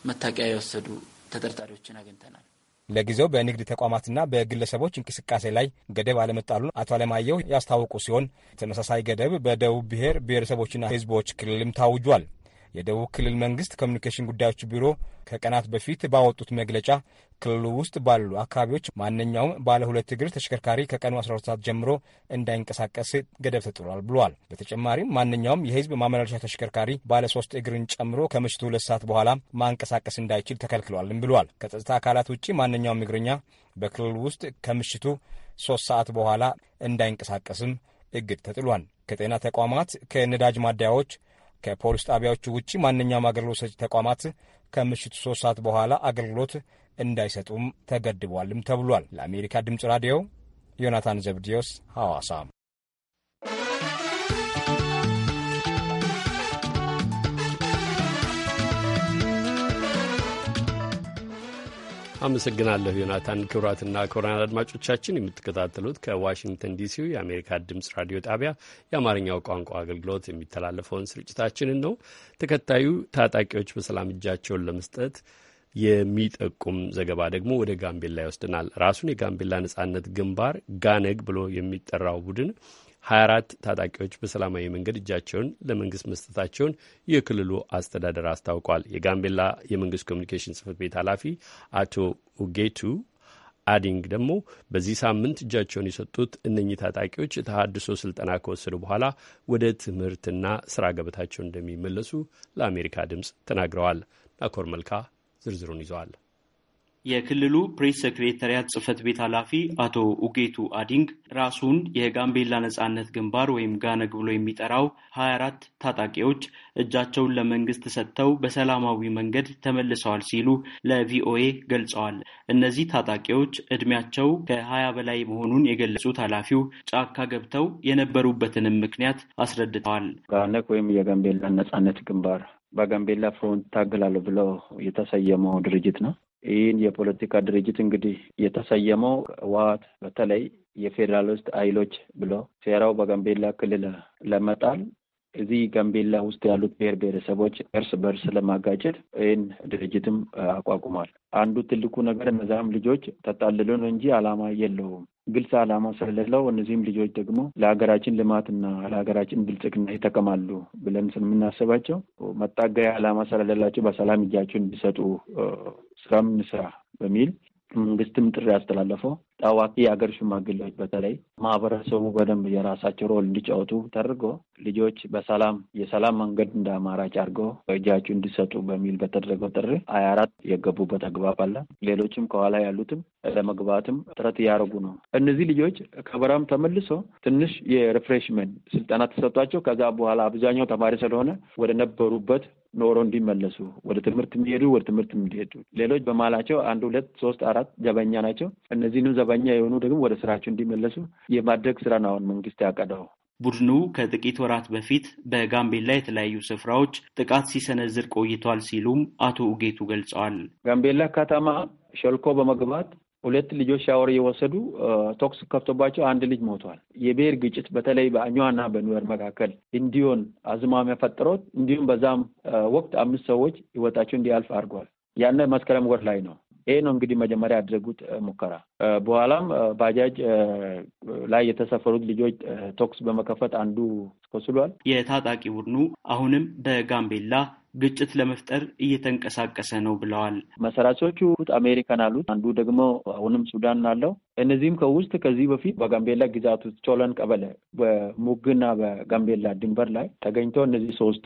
መታቂያ የወሰዱ ተጠርጣሪዎችን አግኝተናል። ለጊዜው በንግድ ተቋማትና በግለሰቦች እንቅስቃሴ ላይ ገደብ አለመጣሉን አቶ አለማየሁ ያስታወቁ ሲሆን ተመሳሳይ ገደብ በደቡብ ብሔር ብሔረሰቦችና ሕዝቦች ክልልም ታውጇል። የደቡብ ክልል መንግስት ኮሚኒኬሽን ጉዳዮች ቢሮ ከቀናት በፊት ባወጡት መግለጫ ክልሉ ውስጥ ባሉ አካባቢዎች ማንኛውም ባለ ሁለት እግር ተሽከርካሪ ከቀኑ 12 ሰዓት ጀምሮ እንዳይንቀሳቀስ ገደብ ተጥሏል ብሏል። በተጨማሪም ማንኛውም የህዝብ ማመላለሻ ተሽከርካሪ ባለ ሶስት እግርን ጨምሮ ከምሽቱ ሁለት ሰዓት በኋላ ማንቀሳቀስ እንዳይችል ተከልክሏልም ብሏል። ከጸጥታ አካላት ውጭ ማንኛውም እግረኛ በክልሉ ውስጥ ከምሽቱ ሶስት ሰዓት በኋላ እንዳይንቀሳቀስም እግድ ተጥሏል። ከጤና ተቋማት፣ ከነዳጅ ማደያዎች ከፖሊስ ጣቢያዎቹ ውጪ ማንኛውም አገልግሎት ሰጪ ተቋማት ከምሽቱ ሶስት ሰዓት በኋላ አገልግሎት እንዳይሰጡም ተገድቧልም ተብሏል። ለአሜሪካ ድምፅ ራዲዮ ዮናታን ዘብዲዮስ ሐዋሳም አመሰግናለሁ ዮናታን። ክቡራትና ክቡራን አድማጮቻችን የምትከታተሉት ከዋሽንግተን ዲሲው የአሜሪካ ድምፅ ራዲዮ ጣቢያ የአማርኛው ቋንቋ አገልግሎት የሚተላለፈውን ስርጭታችንን ነው። ተከታዩ ታጣቂዎች በሰላም እጃቸውን ለመስጠት የሚጠቁም ዘገባ ደግሞ ወደ ጋምቤላ ይወስድናል ራሱን የጋምቤላ ነጻነት ግንባር ጋነግ ብሎ የሚጠራው ቡድን 24 ታጣቂዎች በሰላማዊ መንገድ እጃቸውን ለመንግስት መስጠታቸውን የክልሉ አስተዳደር አስታውቋል። የጋምቤላ የመንግስት ኮሚኒኬሽን ጽህፈት ቤት ኃላፊ አቶ ኡጌቱ አዲንግ ደግሞ በዚህ ሳምንት እጃቸውን የሰጡት እነኚህ ታጣቂዎች የተሃድሶ ስልጠና ከወሰዱ በኋላ ወደ ትምህርትና ስራ ገበታቸው እንደሚመለሱ ለአሜሪካ ድምፅ ተናግረዋል። ናኮር መልካ ዝርዝሩን ይዘዋል። የክልሉ ፕሬስ ሴክሬታሪያት ጽህፈት ቤት ኃላፊ አቶ ኡጌቱ አዲንግ ራሱን የጋምቤላ ነጻነት ግንባር ወይም ጋነግ ብሎ የሚጠራው ሀያ አራት ታጣቂዎች እጃቸውን ለመንግስት ሰጥተው በሰላማዊ መንገድ ተመልሰዋል ሲሉ ለቪኦኤ ገልጸዋል። እነዚህ ታጣቂዎች እድሜያቸው ከሀያ በላይ መሆኑን የገለጹት ኃላፊው ጫካ ገብተው የነበሩበትንም ምክንያት አስረድተዋል። ጋነግ ወይም የጋምቤላ ነጻነት ግንባር በጋምቤላ ፍሮንት ታግላለሁ ብለው የተሰየመው ድርጅት ነው። ይህን የፖለቲካ ድርጅት እንግዲህ የተሰየመው ህወሀት በተለይ የፌዴራሊስት ኃይሎች ብሎ ሴራው በጋምቤላ ክልል ለመጣል እዚህ ጋምቤላ ውስጥ ያሉት ብሔር ብሔረሰቦች እርስ በርስ ለማጋጨት ይህን ድርጅትም አቋቁሟል። አንዱ ትልቁ ነገር እነዛም ልጆች ተጣልሉን እንጂ አላማ የለውም። ግልጽ ዓላማ ስለሌለው እነዚህም ልጆች ደግሞ ለሀገራችን ልማትና ለሀገራችን ብልጽግና ይጠቀማሉ ብለን ስለምናስባቸው መታገያ ዓላማ ስለሌላቸው በሰላም እጃቸውን እንዲሰጡ ስራ እንስራ በሚል መንግስትም ጥሪ አስተላለፈው። ታዋቂ የሀገር ሽማግሌዎች በተለይ ማህበረሰቡ በደንብ የራሳቸው ሮል እንዲጫወቱ ተደርጎ ልጆች በሰላም የሰላም መንገድ እንደ አማራጭ አድርጎ እጃቸው እንዲሰጡ በሚል በተደረገው ጥሪ ሀያ አራት የገቡበት አግባብ አለ። ሌሎችም ከኋላ ያሉትም ለመግባትም ጥረት እያደረጉ ነው። እነዚህ ልጆች ከበራም ተመልሶ ትንሽ የሪፍሬሽመንት ስልጠና ተሰጧቸው። ከዛ በኋላ አብዛኛው ተማሪ ስለሆነ ወደ ነበሩበት ኖሮ እንዲመለሱ ወደ ትምህርት የሚሄዱ ወደ ትምህርት የሚሄዱ ሌሎች በማላቸው አንድ ሁለት ሶስት አራት ጀበኛ ናቸው። እነዚህንም ዘበኛ የሆኑ ደግሞ ወደ ስራቸው እንዲመለሱ የማድረግ ስራ ነው አሁን መንግስት ያቀደው። ቡድኑ ከጥቂት ወራት በፊት በጋምቤላ የተለያዩ ስፍራዎች ጥቃት ሲሰነዝር ቆይቷል ሲሉም አቶ ኡጌቱ ገልጸዋል። ጋምቤላ ከተማ ሸልኮ በመግባት ሁለት ልጆች ሻወር እየወሰዱ ቶክስ ከፍቶባቸው አንድ ልጅ ሞቷል። የብሔር ግጭት በተለይ በአኛዋና በኑዌር መካከል እንዲሆን አዝማሚያ ፈጥሮት እንዲሁም በዛም ወቅት አምስት ሰዎች ህይወታቸው እንዲያልፍ አድርጓል። ያነ መስከረም ወር ላይ ነው። ይሄ ነው እንግዲህ መጀመሪያ ያደረጉት ሙከራ። በኋላም ባጃጅ ላይ የተሰፈሩት ልጆች ተኩስ በመከፈት አንዱ ቆስሏል። የታጣቂ ቡድኑ አሁንም በጋምቤላ ግጭት ለመፍጠር እየተንቀሳቀሰ ነው ብለዋል። መሰራቾቹ አሜሪካን አሉት፣ አንዱ ደግሞ አሁንም ሱዳን አለው። እነዚህም ከውስጥ ከዚህ በፊት በጋምቤላ ግዛት ውስጥ ቾለን ቀበሌ በሙግና በጋምቤላ ድንበር ላይ ተገኝተው እነዚህ ሶስቱ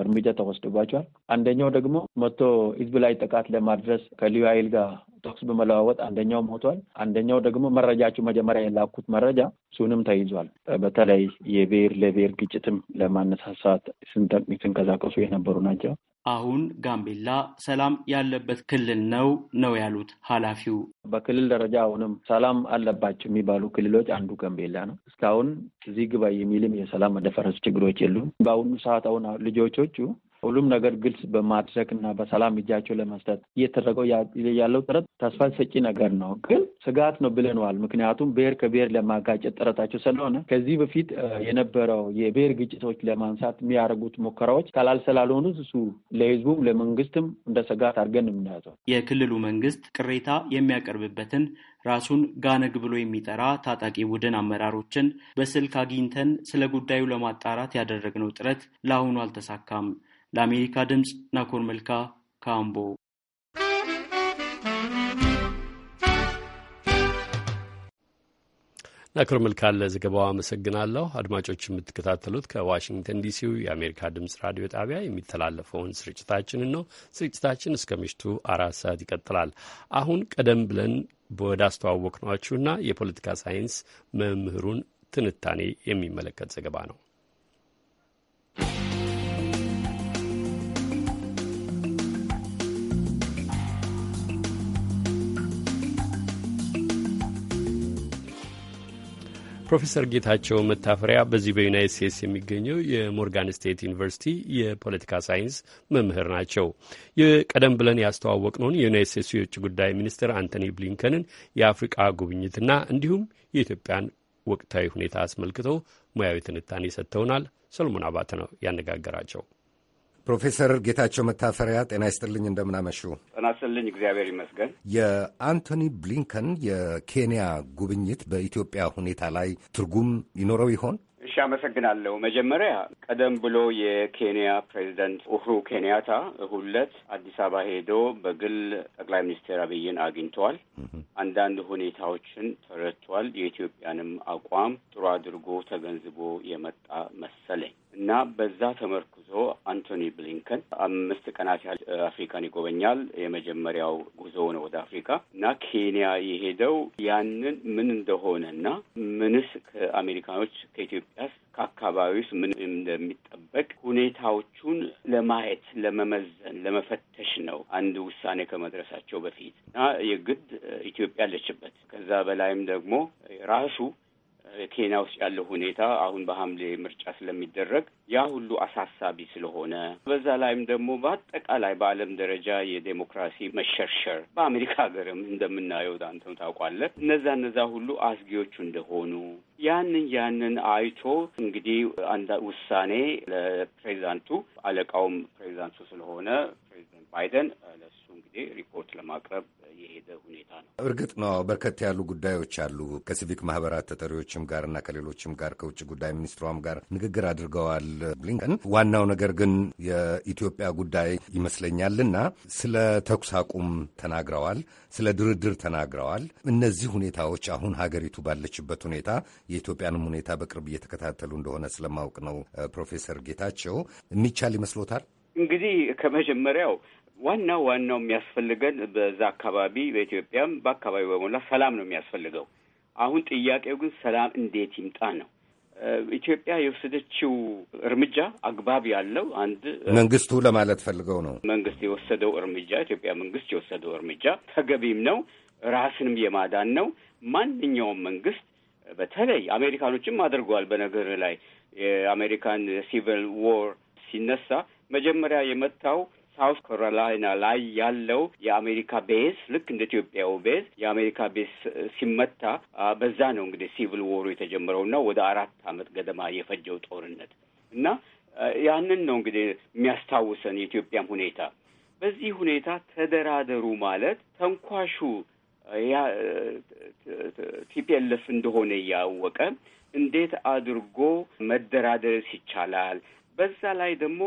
እርምጃ ተወስዶባቸዋል። አንደኛው ደግሞ መቶ ህዝብ ላይ ጥቃት ለማድረስ ከልዩ ኃይል ጋር ተኩስ በመለዋወጥ አንደኛው ሞቷል። አንደኛው ደግሞ መረጃቸው መጀመሪያ የላኩት መረጃ እሱንም ተይዟል። በተለይ የብሔር ለብሔር ግጭትም ለማነሳሳት ስንጠቅሚ ስንቀሳቀሱ የነበሩ ናቸው። አሁን ጋምቤላ ሰላም ያለበት ክልል ነው ነው ያሉት ኃላፊው። በክልል ደረጃ አሁንም ሰላም አለባቸው የሚባሉ ክልሎች አንዱ ጋምቤላ ነው። እስካሁን እዚህ ግባ የሚልም የሰላም መደፈረስ ችግሮች የሉም። በአሁኑ ሰዓት አሁን ልጆቾቹ ሁሉም ነገር ግልጽ በማድረግ እና በሰላም እጃቸው ለመስጠት እየተደረገው ያለው ጥረት ተስፋ ሰጪ ነገር ነው፣ ግን ስጋት ነው ብለነዋል። ምክንያቱም ብሔር ከብሔር ለማጋጨት ጥረታቸው ስለሆነ ከዚህ በፊት የነበረው የብሔር ግጭቶች ለማንሳት የሚያደርጉት ሙከራዎች ቀላል ስላልሆኑ እሱ ለህዝቡም ለመንግስትም እንደ ስጋት አድርገን የምናያዘው የክልሉ መንግስት ቅሬታ የሚያቀርብበትን ራሱን ጋነግ ብሎ የሚጠራ ታጣቂ ቡድን አመራሮችን በስልክ አግኝተን ስለ ጉዳዩ ለማጣራት ያደረግነው ጥረት ለአሁኑ አልተሳካም። ለአሜሪካ ድምፅ ናኮር መልካ ካምቦ ናኮር መልካ ለዘገባው አመሰግናለሁ። አድማጮች የምትከታተሉት ከዋሽንግተን ዲሲው የአሜሪካ ድምፅ ራዲዮ ጣቢያ የሚተላለፈውን ስርጭታችንን ነው። ስርጭታችን እስከ ምሽቱ አራት ሰዓት ይቀጥላል። አሁን ቀደም ብለን ወደ አስተዋወቅናችሁና የፖለቲካ ሳይንስ መምህሩን ትንታኔ የሚመለከት ዘገባ ነው። ፕሮፌሰር ጌታቸው መታፈሪያ በዚህ በዩናይት ስቴትስ የሚገኘው የሞርጋን ስቴት ዩኒቨርሲቲ የፖለቲካ ሳይንስ መምህር ናቸው። የቀደም ብለን ያስተዋወቅነውን የዩናይት ስቴትስ የውጭ ጉዳይ ሚኒስትር አንቶኒ ብሊንከንን የአፍሪቃ ጉብኝትና እንዲሁም የኢትዮጵያን ወቅታዊ ሁኔታ አስመልክተው ሙያዊ ትንታኔ ሰጥተውናል። ሰሎሞን አባተ ነው ያነጋገራቸው። ፕሮፌሰር ጌታቸው መታፈሪያ ጤና ይስጥልኝ፣ እንደምናመሹ። ጤና ይስጥልኝ፣ እግዚአብሔር ይመስገን። የአንቶኒ ብሊንከን የኬንያ ጉብኝት በኢትዮጵያ ሁኔታ ላይ ትርጉም ይኖረው ይሆን? እሺ፣ አመሰግናለሁ። መጀመሪያ ቀደም ብሎ የኬንያ ፕሬዚደንት ኡሁሩ ኬንያታ እሁድ ዕለት አዲስ አበባ ሄዶ በግል ጠቅላይ ሚኒስትር አብይን አግኝተዋል። አንዳንድ ሁኔታዎችን ተረድቷል። የኢትዮጵያንም አቋም ጥሩ አድርጎ ተገንዝቦ የመጣ መሰለኝ። እና በዛ ተመርኩዞ አንቶኒ ብሊንከን አምስት ቀናት ያህል አፍሪካን ይጎበኛል። የመጀመሪያው ጉዞ ነው ወደ አፍሪካ እና ኬንያ የሄደው ያንን ምን እንደሆነ እና ምንስ ከአሜሪካኖች ከኢትዮጵያስ ከአካባቢውስ ምን እንደሚጠበቅ ሁኔታዎቹን ለማየት ለመመዘን፣ ለመፈተሽ ነው አንድ ውሳኔ ከመድረሳቸው በፊት እና የግድ ኢትዮጵያ አለችበት ከዛ በላይም ደግሞ ራሱ ኬንያ ውስጥ ያለው ሁኔታ አሁን በሐምሌ ምርጫ ስለሚደረግ ያ ሁሉ አሳሳቢ ስለሆነ በዛ ላይም ደግሞ በአጠቃላይ በዓለም ደረጃ የዴሞክራሲ መሸርሸር በአሜሪካ ሀገርም እንደምናየው አንተም ታውቋለህ። እነዛ እነዛ ሁሉ አስጊዎቹ እንደሆኑ ያንን ያንን አይቶ እንግዲህ አንድ ውሳኔ ለፕሬዚዳንቱ አለቃውም ፕሬዚዳንቱ ስለሆነ ፕሬዚደንት ባይደን ለሱ ጊዜ ሪፖርት ለማቅረብ የሄደ ሁኔታ ነው። እርግጥ ነው በርከት ያሉ ጉዳዮች አሉ። ከሲቪክ ማህበራት ተጠሪዎችም ጋር እና ከሌሎችም ጋር ከውጭ ጉዳይ ሚኒስትሯም ጋር ንግግር አድርገዋል ብሊንከን። ዋናው ነገር ግን የኢትዮጵያ ጉዳይ ይመስለኛልና ስለ ተኩስ አቁም ተናግረዋል፣ ስለ ድርድር ተናግረዋል። እነዚህ ሁኔታዎች አሁን ሀገሪቱ ባለችበት ሁኔታ የኢትዮጵያንም ሁኔታ በቅርብ እየተከታተሉ እንደሆነ ስለማወቅ ነው ፕሮፌሰር ጌታቸው የሚቻል ይመስሎታል? እንግዲህ ከመጀመሪያው ዋናው ዋናው የሚያስፈልገን በዛ አካባቢ በኢትዮጵያም በአካባቢ በሞላ ሰላም ነው የሚያስፈልገው። አሁን ጥያቄው ግን ሰላም እንዴት ይምጣ ነው። ኢትዮጵያ የወሰደችው እርምጃ አግባብ ያለው አንድ መንግስቱ ለማለት ፈልገው ነው። መንግስት የወሰደው እርምጃ ኢትዮጵያ መንግስት የወሰደው እርምጃ ተገቢም ነው፣ ራስንም የማዳን ነው። ማንኛውም መንግስት በተለይ አሜሪካኖችም አድርገዋል። በነገር ላይ የአሜሪካን ሲቪል ዎር ሲነሳ መጀመሪያ የመታው ሳውት ካሮላይና ላይ ያለው የአሜሪካ ቤዝ ልክ እንደ ኢትዮጵያው ቤዝ የአሜሪካ ቤዝ ሲመታ በዛ ነው እንግዲህ ሲቪል ዎሩ እና ወደ አራት አመት ገደማ የፈጀው ጦርነት እና ያንን ነው እንግዲህ የሚያስታውሰን የኢትዮጵያም ሁኔታ። በዚህ ሁኔታ ተደራደሩ ማለት ተንኳሹ ያ ቲፒኤልኤፍ እንደሆነ እያወቀ እንዴት አድርጎ መደራደርስ ይቻላል? በዛ ላይ ደግሞ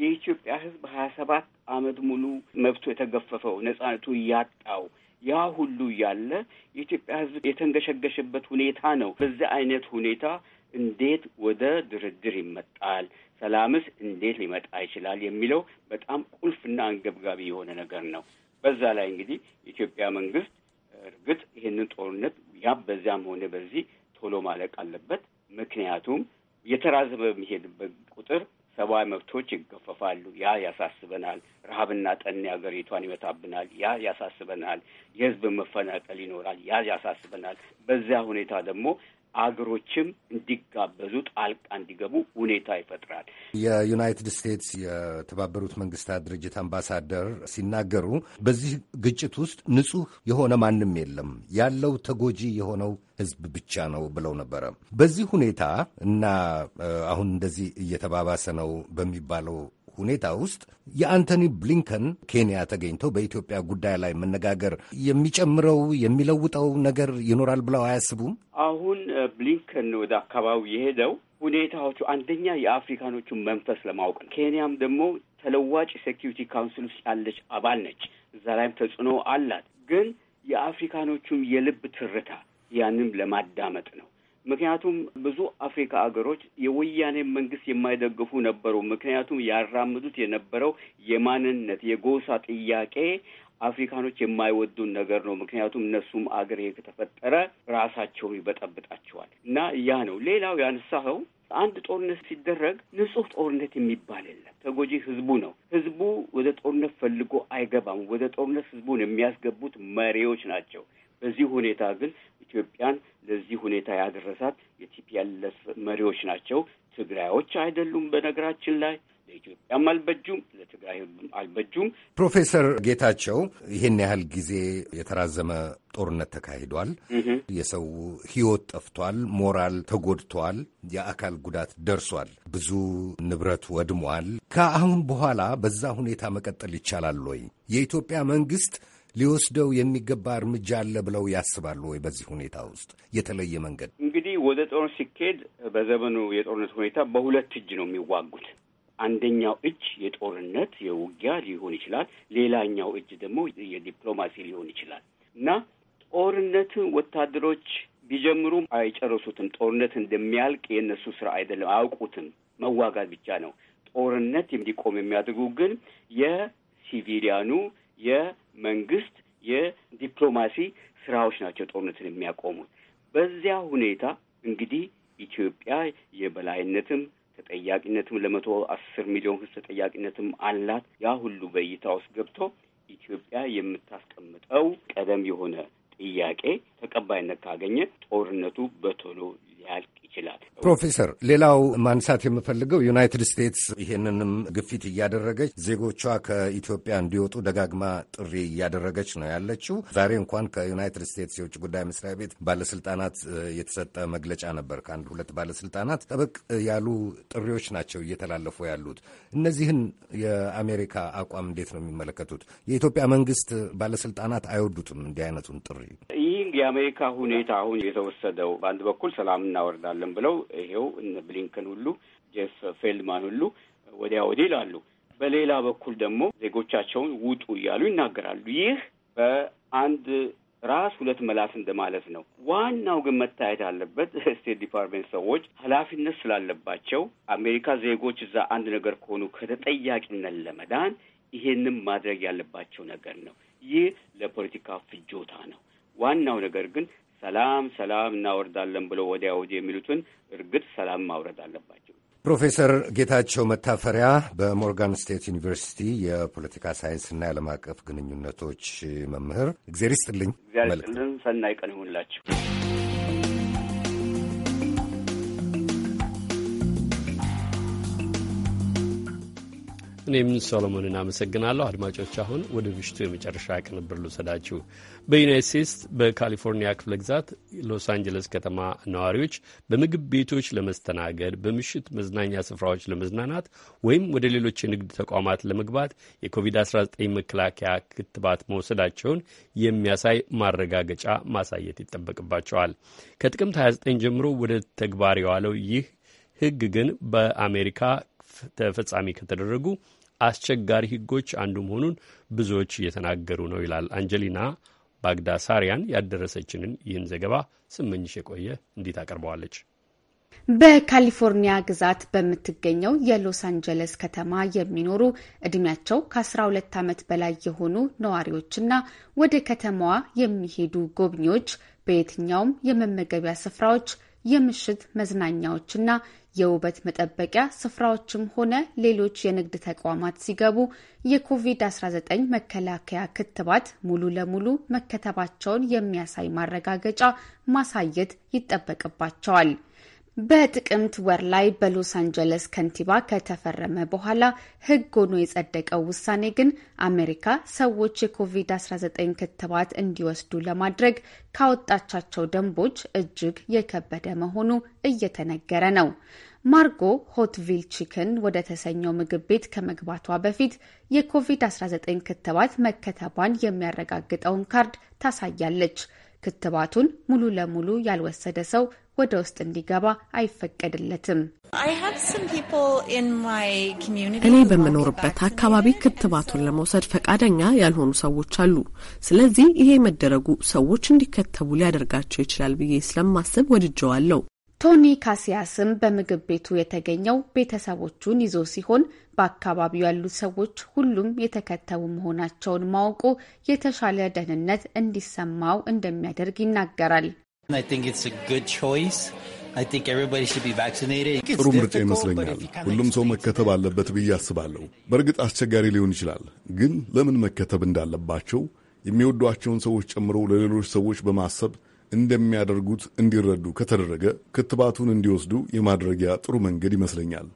የኢትዮጵያ ሕዝብ ሀያ ሰባት አመት ሙሉ መብቱ የተገፈፈው ነጻነቱ እያጣው ያ ሁሉ ያለ የኢትዮጵያ ሕዝብ የተንገሸገሸበት ሁኔታ ነው። በዚህ አይነት ሁኔታ እንዴት ወደ ድርድር ይመጣል? ሰላምስ እንዴት ሊመጣ ይችላል? የሚለው በጣም ቁልፍና አንገብጋቢ የሆነ ነገር ነው። በዛ ላይ እንግዲህ የኢትዮጵያ መንግስት እርግጥ ይህንን ጦርነት ያ በዚያም ሆነ በዚህ ቶሎ ማለቅ አለበት። ምክንያቱም የተራዘመ በሚሄድበት ቁጥር ሰብአዊ መብቶች ይገፈፋሉ። ያ ያሳስበናል። ረሀብና ጠኔ ሀገሪቷን ይመታብናል። ያ ያሳስበናል። የህዝብ መፈናቀል ይኖራል። ያ ያሳስበናል። በዚያ ሁኔታ ደግሞ አገሮችም እንዲጋበዙ ጣልቃ እንዲገቡ ሁኔታ ይፈጥራል። የዩናይትድ ስቴትስ የተባበሩት መንግስታት ድርጅት አምባሳደር ሲናገሩ በዚህ ግጭት ውስጥ ንጹህ የሆነ ማንም የለም ያለው ተጎጂ የሆነው ህዝብ ብቻ ነው ብለው ነበረ። በዚህ ሁኔታ እና አሁን እንደዚህ እየተባባሰ ነው በሚባለው ሁኔታ ውስጥ የአንቶኒ ብሊንከን ኬንያ ተገኝተው በኢትዮጵያ ጉዳይ ላይ መነጋገር የሚጨምረው የሚለውጠው ነገር ይኖራል ብለው አያስቡም? አሁን ብሊንከን ወደ አካባቢው የሄደው ሁኔታዎቹ አንደኛ የአፍሪካኖቹን መንፈስ ለማወቅ ነው። ኬንያም ደግሞ ተለዋጭ ሴኪሪቲ ካውንስል ውስጥ ያለች አባል ነች። እዛ ላይም ተጽዕኖ አላት። ግን የአፍሪካኖቹም የልብ ትርታ ያንን ለማዳመጥ ነው። ምክንያቱም ብዙ አፍሪካ አገሮች የወያኔ መንግስት የማይደግፉ ነበሩ። ምክንያቱም ያራምዱት የነበረው የማንነት የጎሳ ጥያቄ አፍሪካኖች የማይወዱን ነገር ነው። ምክንያቱም እነሱም አገር ከተፈጠረ ራሳቸው ይበጠብጣቸዋል እና ያ ነው። ሌላው ያነሳኸው አንድ ጦርነት ሲደረግ ንጹህ ጦርነት የሚባል የለም። ተጎጂ ህዝቡ ነው። ህዝቡ ወደ ጦርነት ፈልጎ አይገባም። ወደ ጦርነት ህዝቡን የሚያስገቡት መሪዎች ናቸው። በዚህ ሁኔታ ግን ኢትዮጵያን ለዚህ ሁኔታ ያደረሳት የቲፒኤልኤፍ መሪዎች ናቸው። ትግራዮች አይደሉም። በነገራችን ላይ ለኢትዮጵያም አልበጁም፣ ለትግራይ አልበጁም። ፕሮፌሰር ጌታቸው ይህን ያህል ጊዜ የተራዘመ ጦርነት ተካሂዷል። የሰው ሕይወት ጠፍቷል፣ ሞራል ተጎድቷል፣ የአካል ጉዳት ደርሷል፣ ብዙ ንብረት ወድሟል። ከአሁን በኋላ በዛ ሁኔታ መቀጠል ይቻላል ወይ? የኢትዮጵያ መንግስት ሊወስደው የሚገባ እርምጃ አለ ብለው ያስባሉ ወይ? በዚህ ሁኔታ ውስጥ የተለየ መንገድ እንግዲህ ወደ ጦርነት ሲካሄድ በዘመኑ የጦርነት ሁኔታ በሁለት እጅ ነው የሚዋጉት። አንደኛው እጅ የጦርነት የውጊያ ሊሆን ይችላል። ሌላኛው እጅ ደግሞ የዲፕሎማሲ ሊሆን ይችላል እና ጦርነትን ወታደሮች ቢጀምሩም አይጨርሱትም። ጦርነት እንደሚያልቅ የእነሱ ስራ አይደለም፣ አያውቁትም። መዋጋት ብቻ ነው። ጦርነት እንዲቆም የሚያደርጉ ግን የሲቪሊያኑ የመንግስት የዲፕሎማሲ ስራዎች ናቸው ጦርነትን የሚያቆሙት። በዚያ ሁኔታ እንግዲህ ኢትዮጵያ የበላይነትም ተጠያቂነትም ለመቶ አስር ሚሊዮን ህዝብ ተጠያቂነትም አላት። ያ ሁሉ በእይታ ውስጥ ገብቶ ኢትዮጵያ የምታስቀምጠው ቀደም የሆነ ጥያቄ ተቀባይነት ካገኘ ጦርነቱ በቶሎ ሊያልቅ ይችላል። ፕሮፌሰር፣ ሌላው ማንሳት የምፈልገው ዩናይትድ ስቴትስ ይህንንም ግፊት እያደረገች ዜጎቿ ከኢትዮጵያ እንዲወጡ ደጋግማ ጥሪ እያደረገች ነው ያለችው። ዛሬ እንኳን ከዩናይትድ ስቴትስ የውጭ ጉዳይ መስሪያ ቤት ባለስልጣናት የተሰጠ መግለጫ ነበር። ከአንድ ሁለት ባለስልጣናት ጠበቅ ያሉ ጥሪዎች ናቸው እየተላለፉ ያሉት። እነዚህን የአሜሪካ አቋም እንዴት ነው የሚመለከቱት? የኢትዮጵያ መንግስት ባለስልጣናት አይወዱትም እንዲህ አይነቱን ጥሪ። ይህ የአሜሪካ ሁኔታ አሁን የተወሰደው በአንድ በኩል ሰላም እናወርዳለን አይደለም ብለው ይሄው እነ ብሊንከን ሁሉ ጄፍ ፌልድማን ሁሉ ወዲያ ወዲህ ይላሉ። በሌላ በኩል ደግሞ ዜጎቻቸውን ውጡ እያሉ ይናገራሉ። ይህ በአንድ ራስ ሁለት መላስ እንደማለት ነው። ዋናው ግን መታየት አለበት ስቴት ዲፓርትሜንት ሰዎች ኃላፊነት ስላለባቸው አሜሪካ ዜጎች እዛ አንድ ነገር ከሆኑ ከተጠያቂነት ለመዳን ይሄንም ማድረግ ያለባቸው ነገር ነው። ይህ ለፖለቲካ ፍጆታ ነው። ዋናው ነገር ግን ሰላም ሰላም እናወርዳለን ብሎ ወዲያ ወዲህ የሚሉትን እርግጥ ሰላም ማውረድ አለባቸው። ፕሮፌሰር ጌታቸው መታፈሪያ በሞርጋን ስቴት ዩኒቨርሲቲ የፖለቲካ ሳይንስና የዓለም አቀፍ ግንኙነቶች መምህር፣ እግዜር ይስጥልኝ። እግዚአብሔር ይስጥልን። ሰናይ ቀን ይሁንላችሁ። እኔም ሶሎሞንን አመሰግናለሁ። አድማጮች አሁን ወደ ምሽቱ የመጨረሻ ቅንብር ልውሰዳችሁ። በዩናይት ስቴትስ በካሊፎርኒያ ክፍለ ግዛት ሎስ አንጀለስ ከተማ ነዋሪዎች በምግብ ቤቶች ለመስተናገድ፣ በምሽት መዝናኛ ስፍራዎች ለመዝናናት ወይም ወደ ሌሎች የንግድ ተቋማት ለመግባት የኮቪድ-19 መከላከያ ክትባት መውሰዳቸውን የሚያሳይ ማረጋገጫ ማሳየት ይጠበቅባቸዋል። ከጥቅምት 29 ጀምሮ ወደ ተግባር የዋለው ይህ ሕግ ግን በአሜሪካ ተፈጻሚ ከተደረጉ አስቸጋሪ ህጎች አንዱ መሆኑን ብዙዎች እየተናገሩ ነው ይላል አንጀሊና ሳሪያን ያደረሰችንን ይህን ዘገባ ስመኝሽ የቆየ እንዴት አቀርበዋለች። በካሊፎርኒያ ግዛት በምትገኘው የሎስ አንጀለስ ከተማ የሚኖሩ እድሜያቸው ከ12 ዓመት በላይ የሆኑ ነዋሪዎችና ወደ ከተማዋ የሚሄዱ ጎብኚዎች በየትኛውም የመመገቢያ ስፍራዎች፣ የምሽት መዝናኛዎችና የውበት መጠበቂያ ስፍራዎችም ሆነ ሌሎች የንግድ ተቋማት ሲገቡ የኮቪድ-19 መከላከያ ክትባት ሙሉ ለሙሉ መከተባቸውን የሚያሳይ ማረጋገጫ ማሳየት ይጠበቅባቸዋል። በጥቅምት ወር ላይ በሎስ አንጀለስ ከንቲባ ከተፈረመ በኋላ ሕግ ሆኖ የጸደቀው ውሳኔ ግን አሜሪካ ሰዎች የኮቪድ-19 ክትባት እንዲወስዱ ለማድረግ ካወጣቻቸው ደንቦች እጅግ የከበደ መሆኑ እየተነገረ ነው። ማርጎ ሆትቪል ቺክን ወደ ተሰኘው ምግብ ቤት ከመግባቷ በፊት የኮቪድ-19 ክትባት መከተቧን የሚያረጋግጠውን ካርድ ታሳያለች። ክትባቱን ሙሉ ለሙሉ ያልወሰደ ሰው ወደ ውስጥ እንዲገባ አይፈቀድለትም። እኔ በምኖርበት አካባቢ ክትባቱን ለመውሰድ ፈቃደኛ ያልሆኑ ሰዎች አሉ። ስለዚህ ይሄ መደረጉ ሰዎች እንዲከተቡ ሊያደርጋቸው ይችላል ብዬ ስለማስብ ወድጀዋለሁ። ቶኒ ካሲያስም በምግብ ቤቱ የተገኘው ቤተሰቦቹን ይዞ ሲሆን በአካባቢው ያሉት ሰዎች ሁሉም የተከተቡ መሆናቸውን ማወቁ የተሻለ ደህንነት እንዲሰማው እንደሚያደርግ ይናገራል። ጥሩ ምርጫ ይመስለኛል። ሁሉም ሰው መከተብ አለበት ብዬ አስባለሁ። በእርግጥ አስቸጋሪ ሊሆን ይችላል፣ ግን ለምን መከተብ እንዳለባቸው የሚወዷቸውን ሰዎች ጨምሮ ለሌሎች ሰዎች በማሰብ እንደሚያደርጉት እንዲረዱ ከተደረገ ክትባቱን እንዲወስዱ የማድረጊያ ጥሩ መንገድ ይመስለኛል።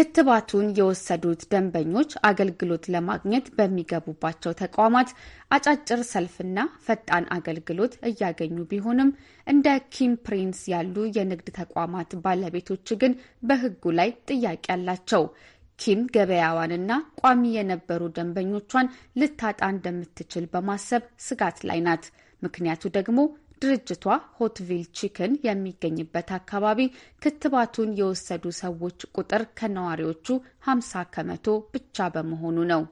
ክትባቱን የወሰዱት ደንበኞች አገልግሎት ለማግኘት በሚገቡባቸው ተቋማት አጫጭር ሰልፍና ፈጣን አገልግሎት እያገኙ ቢሆንም እንደ ኪም ፕሪንስ ያሉ የንግድ ተቋማት ባለቤቶች ግን በሕጉ ላይ ጥያቄ አላቸው። ኪም ገበያዋንና ቋሚ የነበሩ ደንበኞቿን ልታጣ እንደምትችል በማሰብ ስጋት ላይ ናት። ምክንያቱ ደግሞ ድርጅቷ ሆትቪል ቺክን የሚገኝበት አካባቢ ክትባቱን የወሰዱ ሰዎች ቁጥር ከነዋሪዎቹ 50 ከመቶ ብቻ በመሆኑ ነው።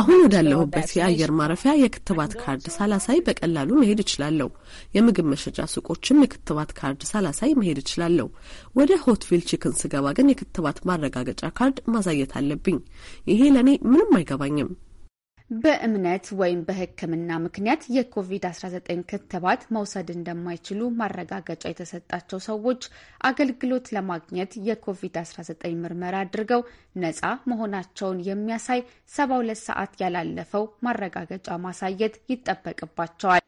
አሁን ወዳለሁበት የአየር ማረፊያ የክትባት ካርድ ሳላሳይ በቀላሉ መሄድ እችላለሁ። የምግብ መሸጫ ሱቆችም የክትባት ካርድ ሳላሳይ መሄድ እችላለሁ። ወደ ሆትቪል ቺክን ስገባ ግን የክትባት ማረጋገጫ ካርድ ማሳየት አለብኝ። ይሄ ለእኔ ምንም አይገባኝም። በእምነት ወይም በሕክምና ምክንያት የኮቪድ-19 ክትባት መውሰድ እንደማይችሉ ማረጋገጫ የተሰጣቸው ሰዎች አገልግሎት ለማግኘት የኮቪድ-19 ምርመራ አድርገው ነፃ መሆናቸውን የሚያሳይ 72 ሰዓት ያላለፈው ማረጋገጫ ማሳየት ይጠበቅባቸዋል።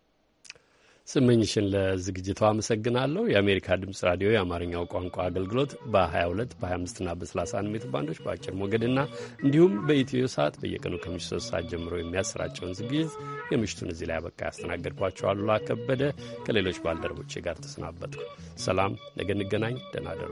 ስመኝሽን ለዝግጅቷ አመሰግናለሁ። የአሜሪካ ድምፅ ራዲዮ የአማርኛው ቋንቋ አገልግሎት በ22 በ25 እና በ31 ሜትር ባንዶች በአጭር ሞገድና እንዲሁም በኢትዮ ሰዓት በየቀኑ ከምሽቱ 3 ሰዓት ጀምሮ የሚያሰራጨውን ዝግጅት የምሽቱን እዚህ ላይ አበቃ። ያስተናገድኳቸው አሉላ ከበደ ከሌሎች ባልደረቦቼ ጋር ተሰናበትኩ። ሰላም፣ ነገ እንገናኝ። ደህና ደሩ።